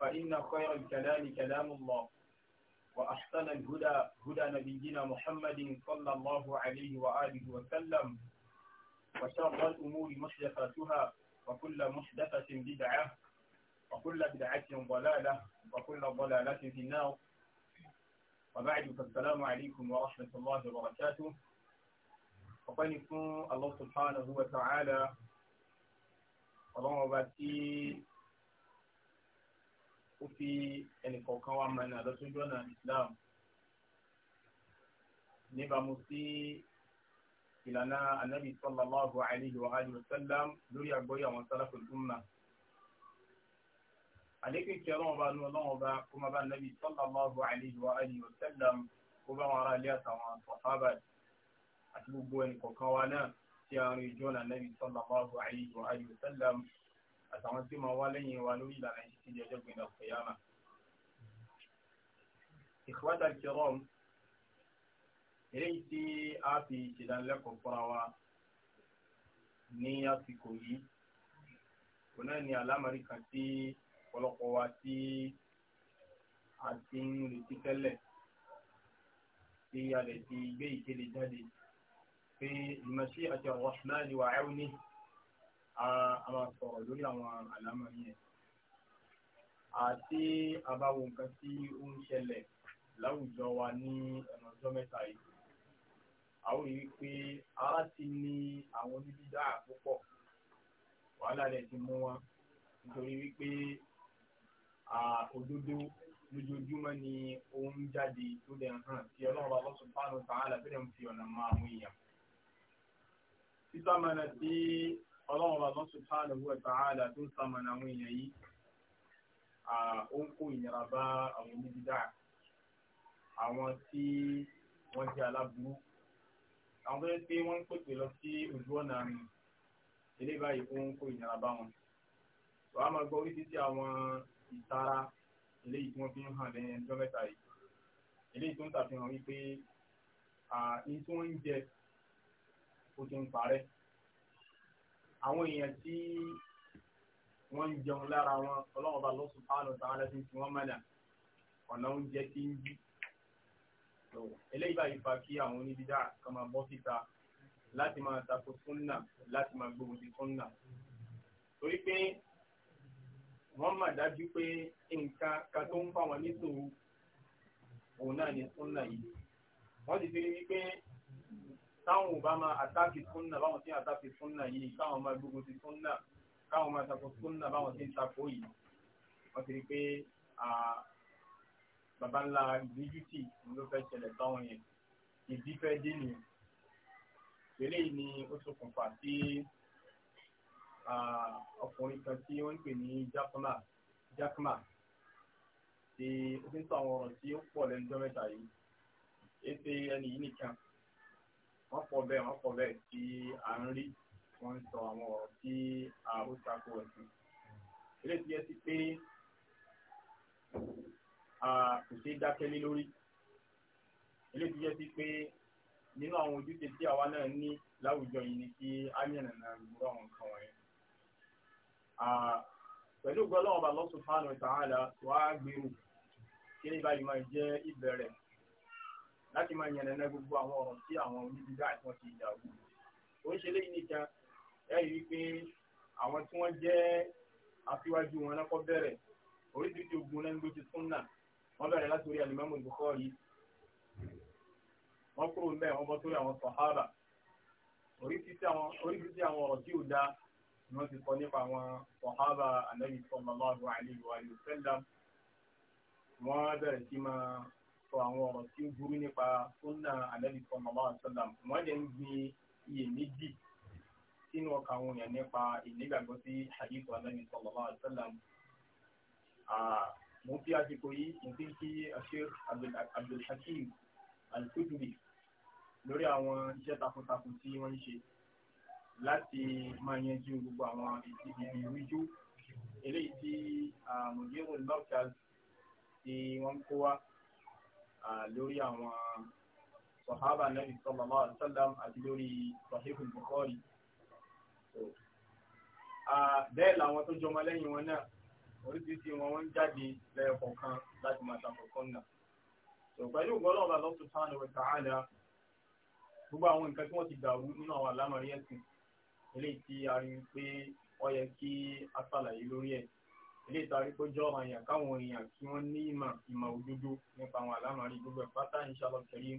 فإن خير الكلام كلام الله وأحسن الهدى هدى نبينا محمد صلى الله عليه وآله وسلم وشر الأمور محدثاتها وكل محدثة بدعة وكل بدعة ضلالة وكل ضلالة في النار وبعد فالسلام عليكم ورحمة الله وبركاته وقال الله سبحانه وتعالى اللهم بارك ó fi ẹnìkọ̀ọ̀kan wa mọ̀nà lọ́sọ́jú ọ̀nà Islam níbàámu sí ìlànà anabi sallallahu alayhi wa alihi wa sallam lórí àgbọ́yé àwọn salaful ummah. àlékún ìkẹ́ ọlọ́run ọba ní ọlọ́run ọba kó máa bá anabi sallallahu alayhi wa alihi wa sallam kó bá wọn ará ilé àtàwọn sọ̀hábà àti gbogbo ẹnìkọ̀ọ̀kan wa náà tí a rìn jọ́nà anabi sallallahu alayhi wa alihi wa sallam àtàwọn tí máa wá lẹ́yìn wa lórí ìlànà yìí ti di ọjọ́ gbìyànjú kìyàmà. ìkọ́wátà kìrọ́m eléyìí tí a fi ṣèdánilẹ́kọ̀ọ́ fúnra wa ní àsìkò yìí kò náà ní alámàrí kan tí ọ̀pọ̀lọpọ̀ wa tí a ti ń retí tẹ́lẹ̀ tí a lè ti gbé ìkéde jáde pé ìmọ̀sí àti ọ̀rọ̀ náà ni wàá ẹ́ a máa sọ̀rọ̀ lórí àwọn àlámọ̀ yẹn àti àbáwo nǹkan tí ó ń ṣẹlẹ̀ láwùjọ wa ní ẹ̀nà ọjọ́ mẹ́ta yìí àwọn èyí pé ara ti ní àwọn onídídá púpọ̀ wàhálà rẹ̀ ti mú wọn nítorí wípé òdodo lójoojúmọ́ ni ó ń jáde tó dẹ̀ hàn tí ọlọ́run bá lọ́sùn fáànù tààlà tó dẹ̀ ń fi ọ̀nà máa mú èèyàn. sísá mọ́nà tí ọlọ́run bàbá subhanahu wa ta'ala tó ń sàmànà àwọn èèyàn yìí ó ń kó ìnira bá àwọn onídídá àwọn tí wọ́n jẹ́ aláburú àwọn tó yẹ pé wọ́n ń pèpè lọ sí ojú ọ̀nà rìn ilé báyìí ó ń kó ìnira bá wọn wàá máa gbọ́ oríṣiríṣi àwọn ìtara eléyìí tí wọ́n fi ń hàn lẹ́yìn ẹjọ́ mẹ́ta yìí eléyìí tó ń tàfihàn wípé ní tí ó ti ń parẹ́ àwọn èèyàn tí wọ́n ń jẹun lára wọn ọlọ́run bá lọ́sùn páànù táwọn ẹlẹ́sìn tí wọ́n mọ̀nà ọ̀nà oúnjẹ tí ń jí. eléyìí báyìí fa kí àwọn oníbídà kan máa bọ́ síta láti máa tako súnà láti máa gbógun ti súnà. torí pé wọ́n mà dájú pé nǹkan kan tó ń fáwọn nítorí òun náà ni súnà yìí. wọ́n sì ti rí wípé táwọn ò bá máa àtàkì súnà báwọn tí ń àtàkì súnà yìí káwọn máa gbógun ti súnà káwọn máa tako súnà báwọn tí ń tako yìí wọ́n ti rí pé bàbá ńlá ìdíjútì ló fẹ́ ṣẹlẹ̀ táwọn yẹn ìdí fẹ́ dé nìyẹn pẹ̀lẹ́ yìí ni ó ṣokùnfà tí ọkùnrin kan tí wọ́n ń pè ní Jakma Jakma tí ó fi ń sọ àwọn ọ̀rọ̀ tí ó pọ̀ lẹ́nu jọ́ yìí ètè ẹni yìí nìkan wọ́n pọ̀ bẹ́ẹ̀ wọ́n pọ̀ bẹ́ẹ̀ tí à ń rí wọ́n ń sọ àwọn ọ̀rọ̀ tí a ó takò ẹ̀sìn eléyìí ti yẹ sí pé kò ṣeé dákẹ́ lé lórí eléyìí ti yẹ sí pé nínú àwọn ojúṣe tí àwa náà ní láwùjọ yìí ni kí á yànnàná gbogbo àwọn nǹkan wọ̀nyẹn pẹ̀lú gbọ́dọ̀ ọba Allah subhanahu wa ta'ala wàá gbèrú kí ní báyìí máa jẹ́ ìbẹ̀rẹ̀ láti máa yànnàná gbogbo àwọn ọ̀rọ̀ tí àwọn onídìdá àti ti dàrú ó ń ṣe léyìn nìkan ẹ rí i pé àwọn tí wọ́n jẹ́ aṣíwájú wọn náà kọ́ bẹ̀rẹ̀ oríṣiríṣi ogun náà ń gbé ti súnà wọ́n bẹ̀rẹ̀ láti orí alimami Bukhari wọ́n kúrò ń bẹ̀ wọ́n bọ́ sórí àwọn sàhábà oríṣiríṣi àwọn ọ̀rọ̀ tí ò dáa ni wọ́n ti sọ nípa àwọn sàhábà anabi sallallahu alaihi wa sallam wọ́n bẹ̀rẹ̀ sọ àwọn ọ̀rọ̀ tí ó burú nípa sunna anabi sallallahu alaihi wasallam wọ́n dẹ̀ ń gbin iyèméjì sínú ọkà àwọn èèyàn nípa ìnígbàgbọ́ sí hadith anabi sallallahu alaihi wasallam mo fi àsìkò yìí nǹkan kí Sheikh Abdulhakeem Al-Kutubi lórí àwọn iṣẹ́ takuntakun tí wọ́n ń ṣe láti máa yanjú gbogbo àwọn ìrújú eléyìí tí mùdírùn lọ́kàs tí wọ́n kó wá lórí àwọn sọ̀hábà Nabi sallallahu alaihi wasallam àti lórí Sahihul Bukhari bẹ́ẹ̀ làwọn tó jọmọ lẹ́yìn wọn náà oríṣiríṣi wọn wọ́n ń jáde lẹ́ẹ̀kọ̀ọ̀kan láti máa ṣàkọ̀kan náà so pẹ̀lú ògbọ́lọ́ ọba lọ́sùn sáànù ẹ̀ka àdá gbogbo àwọn nǹkan tí wọ́n ti dàrú nínú àwọn àlámọ̀rí eléyìí tí a rí pé ó yẹ kí a ṣàlàyé lórí ẹ̀ ilé ìtàrí tó jọ àyàn káwọn èèyàn tí wọ́n ní ìmọ̀ ìmọ̀ òdodo nípa àwọn àlámọ̀rí gbogbo ẹ̀ pátá inshallah karim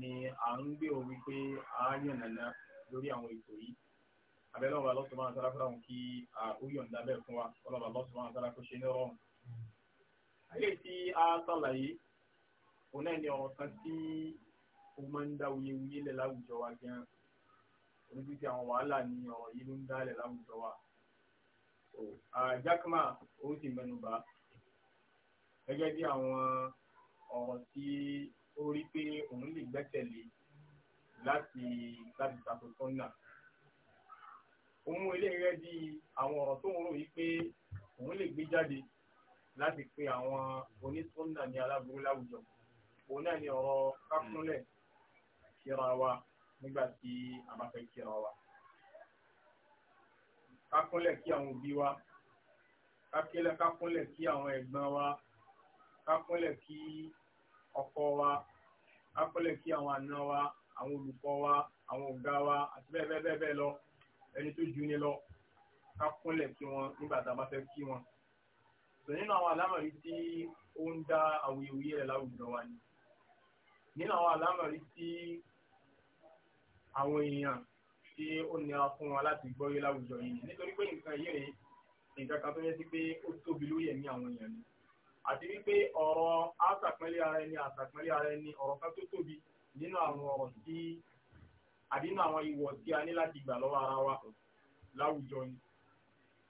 ni à ń gbèrò wípé a yànnàná lórí àwọn ètò yìí abẹ́lẹ́ ọba lọ́sùn máa sára fúnra wọn kí ó yọ̀ǹda bẹ́ẹ̀ fún wa ọlọ́ba lọ́sùn máa kó ṣe ní rọrùn. ayé tí a sàlàyé òun náà ni ọ̀rọ̀ kan tí ó máa ń dá wuyewuye lẹ̀ láwùjọ wa gan-an oríṣiríṣi àwọn wàhálà ni ọ̀rọ̀ yìí ló ń dá lẹ̀ láwùjọ wa. Ah, jákèmá òun ti mẹ́nubà gẹ́gẹ́ bí àwọn ọ̀rọ̀ tí ó rí pé òun lè gbẹ́sẹ̀lé láti láti tako sọ́nà òun ilé rẹ di àwọn ọ̀rọ̀ tó ń rò yìí pé òun lè gbé jáde láti pe àwọn onísọ́nà ní aláburú láwùjọ òun náà ni ọ̀rọ̀ kákúnlẹ̀ kíra wa nígbà tí a bá fẹ́ kíra wa ká kúnlẹ̀ kí àwọn òbí wa ká kélẹ̀ ká kúnlẹ̀ kí àwọn ẹ̀gbọ́n wa ká kúnlẹ̀ kí ọkọ wa ká kúnlẹ̀ kí àwọn àna wa àwọn olùkọ́ wa àwọn ọ̀gá wa àti bẹ́ẹ̀ bẹ́ẹ̀ bẹ́ẹ̀ lọ ẹni tó jù ní lọ ká kúnlẹ̀ kí wọn nígbà tá a bá fẹ́ kí wọn. sọ nínú àwọn àlámọ̀rí tí ó ń dá awuyewuye rẹ̀ láwùjọ wa ni nínú àwọn àlámọ̀rí tí àwọn èèyàn tí ó nira fún wa láti gbọ́ yé láwùjọ yìí nítorí pé nǹkan yìí rèé nǹkan kan tó yẹ sí pé ó tóbi lórí ẹ̀mí àwọn èèyàn ni àti wípé ọ̀rọ̀ àṣàpẹ́lẹ́ ara ẹni àṣàpẹ́lẹ́ ara ẹni ọ̀rọ̀ kan tó tóbi nínú àwọn ọ̀rọ̀ tí àbí nínú àwọn ìwọ̀ tí a ní láti gbà lọ́wọ́ ara wa láwùjọ ni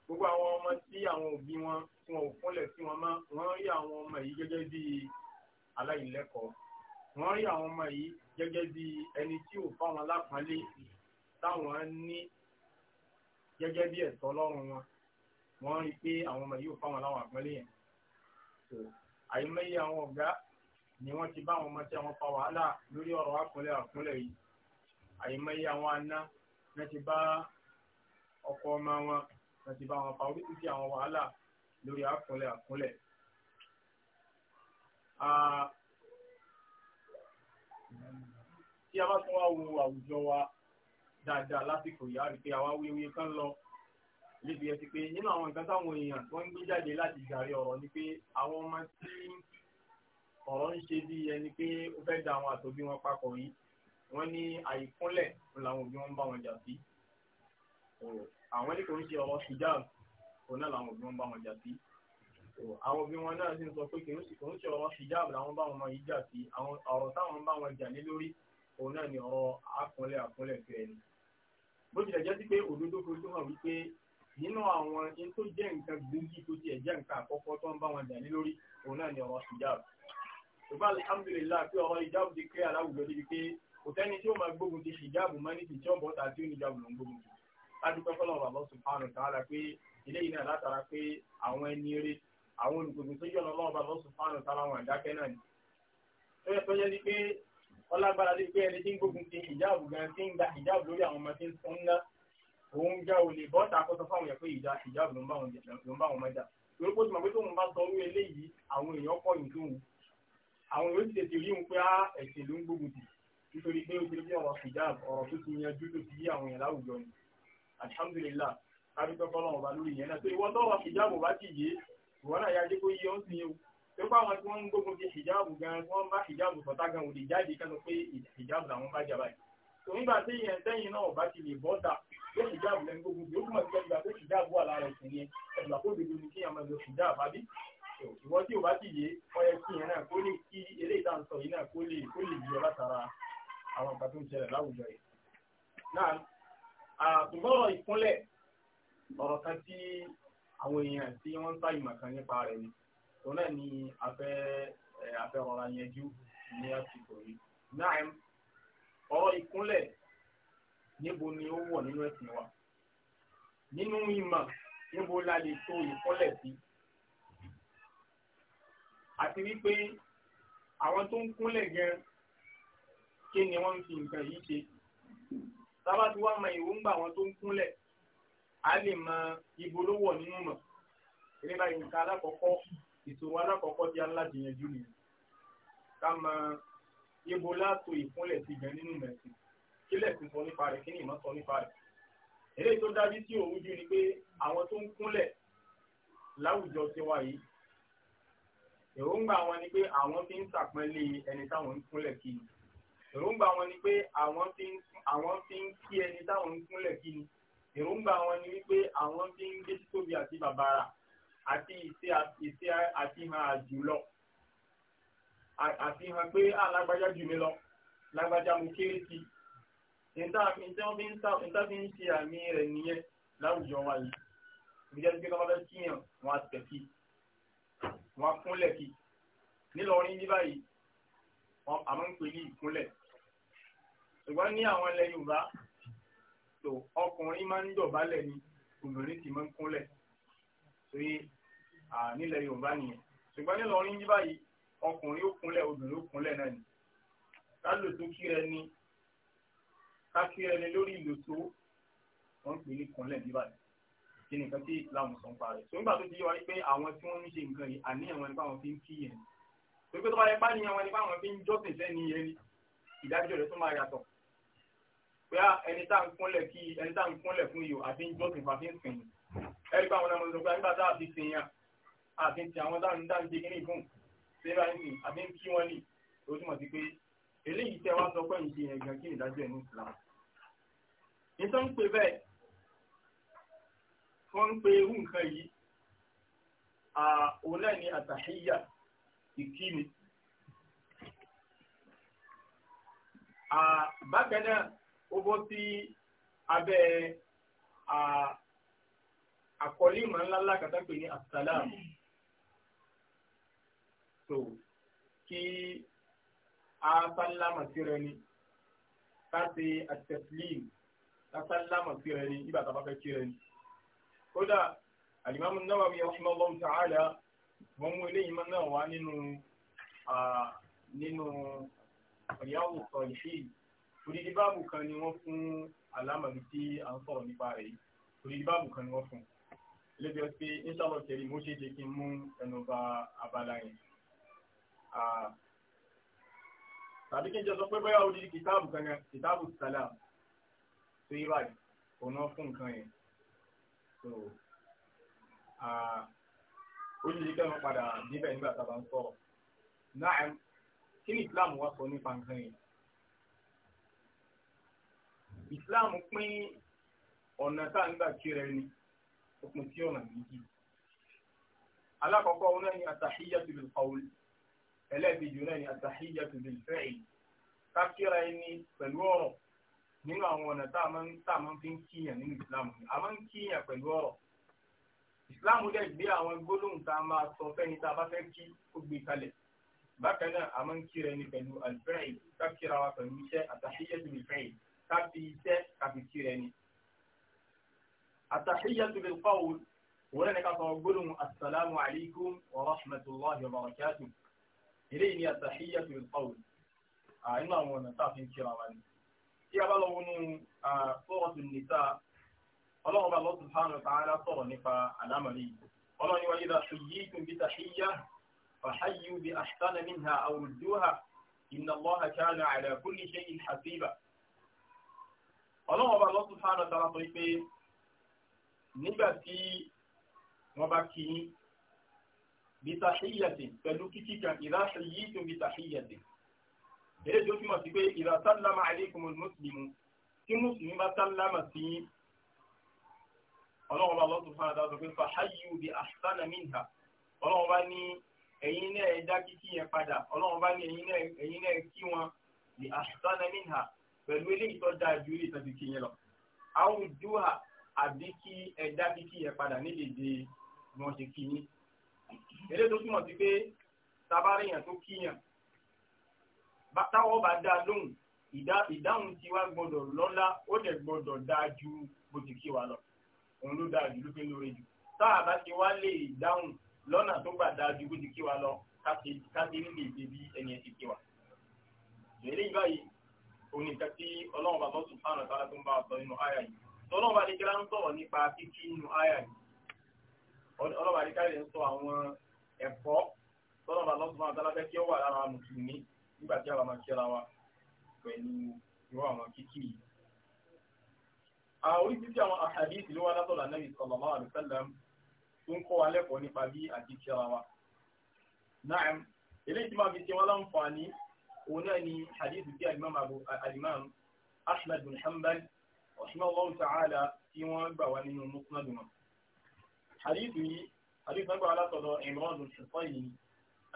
gbogbo àwọn ọmọ tí àwọn òbí wọn tí wọn ò kúnlẹ̀ sí wọn mọ́ wọ́n rí àwọn ọmọ yìí gẹ́gẹ́ bí aláìlẹ́kọ̀ọ́ wọ́n rí àwọn ọmọ yìí gẹ́gẹ́ bí ẹni tí ò fáwọn lápọ́nlé táwọn ní gẹ́gẹ́ bí ẹ̀tọ́ lọ́rùn wọn wọ́n rí pé àwọn ọmọ yóò fáwọn láwọn àpọ́nlé yẹn àìmọye àwọn ọ̀gá ni wọ́n ti bá àwọn ọmọ tí àwọn fa wàhálà lórí ọ̀rọ̀ àkúnlẹ̀ àkúnlẹ̀ yìí àìmọye àwọn aná wọ́n ti bá ọkọ ọmọ wọn wọ́n ti bá wọn fa oríṣiríṣi àwọn wàhálà lórí àkúnlẹ̀ àkúnlẹ̀. tí a bá tún wá wo àwùjọ wa. dáadáa lásìkò yìí àrí pé àwa wíwí kan lọ níbi ẹ ti pé nínú àwọn nǹkan táwọn èèyàn wọ́n ń gbé jáde láti jàre ọ̀rọ̀ ni pé àwọn ọmọ tí ọ̀rọ̀ ń ṣe bí ẹni pé ó fẹ́ da àwọn àtòbí wọn papọ̀ yìí wọ́n ní àìkúnlẹ̀ làwọn òbí wọn bá wọn jà sí àwọn ní kò ń ṣe ọ̀rọ̀ hijab òun náà làwọn òbí wọn bá wọn jà sí àwọn òbí wọn náà sì ń sọ pé kì ń ṣe ọ̀rọ̀ hijab làwọn bá wọn yìí jà sí àwọn ọ̀rọ̀ táwọn bá wọn jà ní lórí òun náà ni ọ̀rọ̀ akúnlẹ̀ akúnlẹ̀ fẹ́ ni bó tilẹ̀ jẹ́ sí pé òdodo fojú hàn wípé nínú àwọn in tó jẹ́ nǹkan gbòógì tó tiẹ̀ jẹ́ nǹkan àkọ́kọ́ tó ń bá wọn dàní lórí òun náà ni ọ̀rọ̀ hijab ṣùgbọ́n alhamdulilayi pé ọ̀rọ̀ hijab ti kẹ́ aláwùjọ débi pé kò sẹ́ni tí ó máa gbógun ti hijab mọ́nìtì tí ọ̀bọ̀ tà tí ó ní hijab ló ń gbógun ti ládùúgbò fọlọ́run Allah subhanahu wa ta'ala pé eléyìí náà látara pé àwọn ẹni eré àwọn olùgbògbò tó yọ̀ lọ́wọ́ Allah subhanahu wa ta'ala wọn àdákẹ́ náà pé wọ́n lágbára lé pé ẹni tí ń gbógun ti ìjáàbù gan tí ń gba ìjáàbù lórí àwọn ọmọ tí ń sún ná òun já o lè bọ́ ta kọ́sọ́ fáwọn yẹn pé ìjáàbù ló ń bá wọn jà ló ń bá wọn mọ́jà torí pé tòmọ̀ pé tóun bá sọ orí eléyìí àwọn èèyàn kọ́ yìí tóun àwọn èèyàn ti tètè rí òun pé á ẹ̀sìn ló ń gbógun tì nítorí pé ó ti rí ọ̀rọ̀ ìjáàbù ọ̀rọ̀ tó ti yanjú tó ti yí àwọn èèyàn láwùjọ ni alhamdulillah kábíkọ́ fọlọ́run ọba lórí yẹn náà tó ìwọ́n tọ́rọ̀ ìjáàbù bá pé àwọn tí wọ́n ń gbógun ti hijabu gan wọ́n bá hijabu sọ̀tá gan òde jáde kánú pé hijabu làwọn bá jàbá yìí tó nígbà tí ìyẹn sẹ́yìn náà bá ti lè bọ́ta pé hijabu lẹ́nu gbógun tí ó túmọ̀ sí ẹgbà pé hijabu wà lára ẹ̀sìn yẹn ẹgbà kó dodo ni kí àmọ́ lo hijabu àbí ìwọ tí o bá ti yé ọyẹ kí yẹn náà kó lè kí eré ìtànsọ yìí náà kó lè kó lè yọ látara àwọn nǹkan tó ń ṣẹlẹ̀ láwùjọ yìí náà àtúbọ̀rọ̀ ìkúnlẹ̀ ọ̀rọ̀ kan tí àwọn èèyàn tí wọ́n ń sá ìmọ̀ kan nípa rẹ̀ ni òun ni afẹ́ afẹ́ rọra yanjú ní àsìkò yìí náà ọ̀rọ̀ ìkúnlẹ̀ níbo ni ó wọ̀ nínú ẹ̀sìn wa nínú ìmọ̀ níbo la lè tó ìkúnlẹ̀ sí àti wípé àwọn tó ń kúnlẹ̀ gan kí ni wọ́n ń fi nǹkan yìí ṣe sábà tí wọ́n mọ ìwúngbà àwọn tó ń kúnlẹ̀ a lè mọ ibo ló wọ̀ nínú mọ̀ eré báyìí nǹkan alákọ̀ọ́kọ́ ìṣòro alákọ̀ọ́kọ́ tí a ń láti yanjú nìyẹn ká mọ ibo láto ìfúnlẹ̀ sí gan nínú mẹ̀sìn kí lẹ̀sìn sọ nípa rẹ̀ kí ni ìmọ̀ sọ nípa rẹ̀ eléyìí tó dájú sí òwú ju ni pé àwọn tó ń kúnlẹ̀ láwùjọ tiwa yìí èròǹgbà wọn ni pé àwọn fi ń sàpọ́nlé ẹni táwọn ń kúnlẹ̀ kí ni èròǹgbà wọn ni pé àwọn fi ń kí ẹni táwọn ń kúnlẹ̀ kí ni èròǹgbà wọn ni wípé àwọn fi ń gbé títóbi àti bàbàrà àti ìṣe àfihàn àjùlọ àfihàn pé alágbájá jù mí lọ lágbájá mo kéré sí níta fi ń ṣe àmì rẹ̀ nìyẹn láwùjọ wa yìí ìjẹ́ ti pé kọ́kọ́ fẹ́ kíyàn wọn àtẹ̀ kí wọn kúnlẹ̀ kí nílọrin ní báyìí wọn àmọ́ ń pè ní ìkúnlẹ̀ ṣùgbọ́n ní àwọn ilẹ̀ Yorùbá tó ọkùnrin máa ń dọ̀bálẹ̀ ni obìnrin sì máa ń kúnlẹ̀ nílẹ̀ yorùbá nìyẹn ṣùgbọ́n nílọrin yí báyìí ọkùnrin ó kúnlẹ̀ obìnrin ó kúnlẹ̀ náà ni ká lò tó kí ẹni ká kí ni lórí ìlò tó wọ́n ń pè ní kúnlẹ̀ ní báyìí kí ni nǹkan tí islam sọ ń pa rẹ̀ ṣùgbọ́n tó ti yé wa pé àwọn tí wọ́n ń ṣe nǹkan yìí àníyàn wọn ni báwọn fi ń kí yẹn tó pé tó bá yẹ bá níyàn wọn ni báwọn fi ń jọ́sìn sẹ́ni yẹn ni ìdájọ́ rẹ̀ tó máa yàtọ̀ pé ẹni tá à ń kúnlẹ̀ kí ẹni tá à ń kúnlẹ̀ fún yìí àti ń jọ́sìn fàfin sìn ẹ̀rí báwọn pé nígbà tá a àti ti àwọn dáhùn dáhùn ṣe kíní fún ṣẹ́ra ẹ̀sìn àti kí wọ́n ní ó túmọ̀ sí pé eléyìí tẹ́ wá sọ pé ìṣe ẹ̀gàn kí ìdájọ́ ẹ̀ ní Islam. nítorí pé bẹ́ẹ̀ wọ́n ń pe irú nǹkan yìí òun náà ni àtàhíyà ìkíni. bákan náà ó bọ́ sí abẹ́ àkọlé ìmọ̀ ńláńlá kàtàkùn ní asàlámù so kí a sálámà síra ẹni ká ṣe àtẹ̀sílìm ká sálámà síra ẹni nígbà tá a bá fẹ́ kíra ẹni. kódà alimami Nawawi rahimahullahu ta'ala wọ́n mú eléyìí máa náà wá nínú nínú ọ̀yáwó sọ̀lìṣìn odidi báàbù kan ni wọ́n fún alámàbí tí a ń sọ̀rọ̀ nípa rẹ̀ yìí odidi báàbù kan ni wọ́n fún lẹ́bi ọ̀sẹ̀ inshallah kẹrin mo ṣe é ṣe kí n mú ẹnu ba abala yẹn. Ah. tàbí kí n jẹ́ sọ pé bóyá odidi kìtáàbù kan kìtáàbù sàlám tó yí báyìí ọ̀nà fún nǹkan yẹn so odidi ah, kẹ́rin padà níbẹ̀ nígbà tá a bá ń sọ̀rọ̀ náà kí ni Islam wá sọ nípa nǹkan yẹn Islam pín ọ̀nà tá à ń gbà kí rẹ ni ó pín sí ọ̀nà méjì alákọ̀ọ́kọ́ ọ̀nà ni àtàhíyà tó lè fa olè ẹlẹ́ẹ̀kejì náà ni àtàhíyà tó lè fẹ́ èyí kákíra ẹni pẹ̀lú ọ̀rọ̀ nínú àwọn ọ̀nà tá a máa ń fi ń kíyàn nínú ìsìlámù a máa ń kíyàn pẹ̀lú ọ̀rọ̀ ìsìlámù dẹ̀ gbé àwọn gbólóhùn tá a máa sọ fẹ́ni tá a bá fẹ́ kí ó gbé kalẹ̀ bákan náà a máa ń kíra ẹni pẹ̀lú àlùfẹ́ èyí kákíra wa pẹ̀lú iṣẹ́ àtàhíyà tó lè fẹ́ èyí iṣẹ́ káfí kíra ẹni. àtàhíyà ká sọ gbólóhùn assalamu wa rahmatullahi wa barakatuh eléyìí ni àtàhíyà tó lùpàwò nínú àwọn ọ̀nà tá a fi ń kíra wa ni. tí a bá lọ wọnú sọ́ọ̀tù nìta ọlọ́run bá lọ́sùn hàn ọ̀tá ara sọ̀rọ̀ nípa àlámọ̀rí ọlọ́run ni wọ́n yíra sọ yìí tó bí tàhíyà fàhayù bí àṣìtánà minha àwùjọ́hà inna Allaha kana ala kulli shay'in hasiba. ọlọ́run bá lọ́sùn hàn ọ̀tá ara sọ pé nígbà tí wọ́n bá kí bitahiyyati pẹ̀lú kíkí kan idha hayyitum bitahiyyati èyí tó túmọ̀ sí pé idha sallama alaykumul muslimu tí mùsùlùmí bá sálámà sí ọlọ́run bá lọ́sùn fún àdáwọ̀ pé fàáyù bí ahsana minha ọlọ́run bá ní ẹ̀yin náà ẹ̀dá kíkí yẹn padà ọlọ́run bá ní ẹ̀yin náà kí wọn bí ahsana minha pẹ̀lú eléyìí tó dáa ju eléyìí tó kí yẹn lọ. àwọn ojú hà àbí kí ẹ̀dá kíkí yẹn padà nídèédé ni wọ́n ṣe kí yín eré tó túmọ̀ sí pé tabaríyàn tó kíyàn táwọn bá dá lóhùn ìdáhùn tí wá gbọ́dọ̀ lọ́lá ó dẹ̀ gbọ́dọ̀ dáa ju bó ti kí wa lọ òun ló dáa jù lópin lórí jù táà bá ti wá lè dáhùn lọ́nà tó gbà dáa ju bó ti kí wa lọ káṣe nílé ìdè bí ẹni ẹ̀ ti kí wa. ìrèlè báyìí òun nìkan tí ọlọ́run bàbá sùn fáwọn ọ̀tá tó ń bá wa nínú àyà yìí tọ́lọ́run bá lè kíra ń sọ̀rọ̀ nípa kíkí nínú àyà yìí ọlọ́ba àdìkáyè ń sọ àwọn ẹ̀kọ́ tọ́lọ́ba lọ́sùnmọ́ àtàlábẹ́ kí ó wà lára mùsùlùmí nígbà tí àwọn máa kíra wa pẹ̀lú irú àwọn kíkì yìí. oríṣiríṣi àwọn àhàdíìsì ló wá látọ̀dọ̀ anábì sallallahu alaihi wasallam tó ń kọ́ wa lẹ́kọ̀ọ́ nípa bí àti kíra wa. náà eléyìí tí máa fi ṣe wọn láǹfààní òun náà ni àdíìsì tí alimam abu alimam ahmed bin hanbal rahimahullahu tí wọ́n gbà wá nínú musnad wọn. حديثي حديث نبي على صدر عمران بن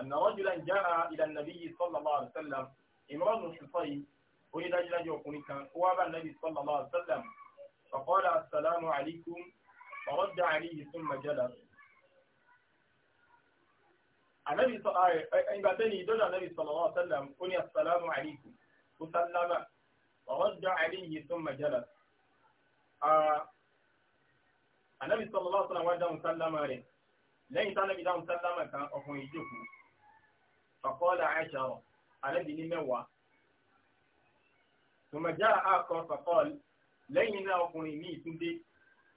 أن رجلا جاء إلى النبي صلى الله عليه وسلم عمران بن حصين ولد رجلا يقول كان وابا النبي صلى الله عليه وسلم فقال السلام عليكم فرد عليه ثم جلس النبي صلى الله عليه وسلم النبي صلى الله عليه وسلم قل السلام عليكم وسلم فرد عليه ثم جلس آه anabi sallallahu alaihi wa dáhùn sálámà rẹ̀ lẹ́yìn tánabi dáhùn sálámà kan ọkùnrin ìjókòó faqala ashara anabi ní mẹ́wàá tòmọ̀já àkọ́ faqal lẹ́yìn náà ọkùnrin ní ìtúndé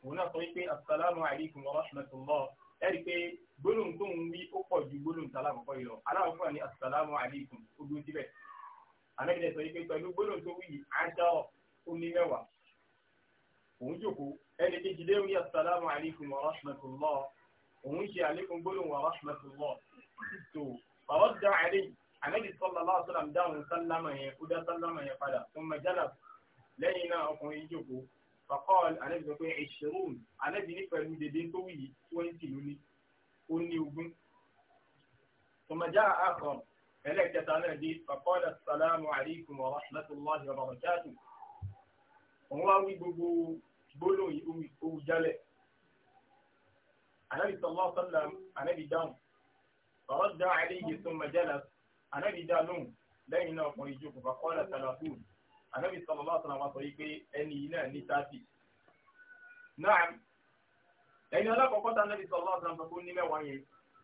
òun náà sọ wípé asalaamu alaykum wa rahmatullah ẹ̀rí pé gbólóhùn tó ń wí ó pọ̀ ju gbólóhùn tó alákọ̀ọ́kọ́ yìí lọ alákọ̀ọ́kọ́ ni asalaamu alaykum ó dúró síbẹ̀ anabi náà sọ wípé pẹ̀lú gbólóhùn tó wí yìí ájá ọ̀ ó ní mẹ́wàá òun jòkó ẹni kejì dé ní asalaamu alaykum wa rahmatulah òun ṣe alaykum gbólóhùn wa rahmatulah tó bàbá dá àlẹ́ ànábì sallallahu alaihi wasallam dáhùn sálámà yẹn ó dá sálámà yẹn padà thumma jalas lẹ́yìn náà ọkùnrin jòkó faqal ànábì sọ pé ìṣirùn ànábì ní pẹ̀lú dèdè tó wù yìí twenty ló ní ó ní ogún thumma jaa akhar ẹlẹ́kẹta náà dé faqal òun wá wí gbogbo gbólóhùn òwú jálẹ̀ anabi sallallahu alaihi wa sallam anabi dáhùn ọ̀rọ̀ dá àlejò tó mẹjẹ́lá anabi dá lóhùn lẹ́yìn náà ọkùnrin jókòó fàkọ́lá tàlàfún anabi sallallahu alaihi wa sallam wá sọ yìí pé ẹni yìí náà ní táàtì náà ẹni alákọ̀ọ́kọ́ tá anabi sallallahu alaihi sọ fún ní mẹ́wàá yẹn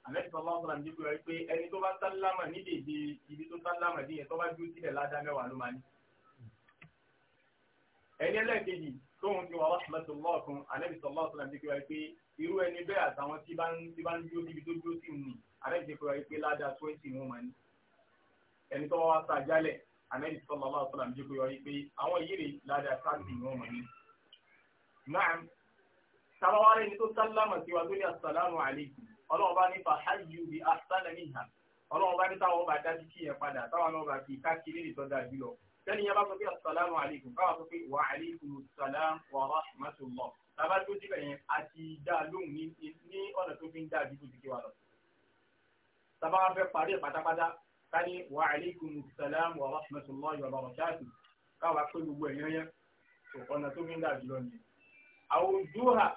anabi sallallahu alaihi wa pé ẹni tó bá sálámà ní ibi tó sálámà dé yẹn tó bá dúró sílẹ̀ ládàá mẹ́wàá ló máa ní ẹni ẹlẹ́ẹ̀kejì tóun ti wà wàhálàtò lọ́ọ̀kan ànábì sọ̀lá ọ̀sán àti kíra pé irú ẹni bẹ́ẹ̀ àtàwọn tí bá ń dúró síbi tó dúró sí nì ànábì ti kíra pé ládàá twenty wọn mọ̀ ní. ẹni tó wá sa jálẹ̀ ànábì sọ̀lá ọ̀sán àti kíra pé àwọn ìyèrè ládàá thirty wọn mọ̀ ní. náà sàlọ́wárẹ́ ni tó sálámà sí wa tó asàlámù àlékún ọlọ́run bá ní fàájú bí asálẹ̀ níhà ọlọ́run bá ní táwọn bá sẹ́ni yẹn bá sọ pé asalaamu aleykum káwá sọ pé wa aleykum salaam wa rahmatulah tàbá tó ti bẹ̀yẹn àti dá lóhùn ní ọ̀nà tó fi ń dá àdúgbò ti kéwà lọ. tàbá wá fẹ́ parí ẹ̀ pátápátá ká ní wa aleykum salaam wa rahmatulah wa barakatu káwá pé gbogbo ẹ̀yán yẹn ọ̀nà tó fi ń dá àdúgbò nìyẹn. àwùjọ́ha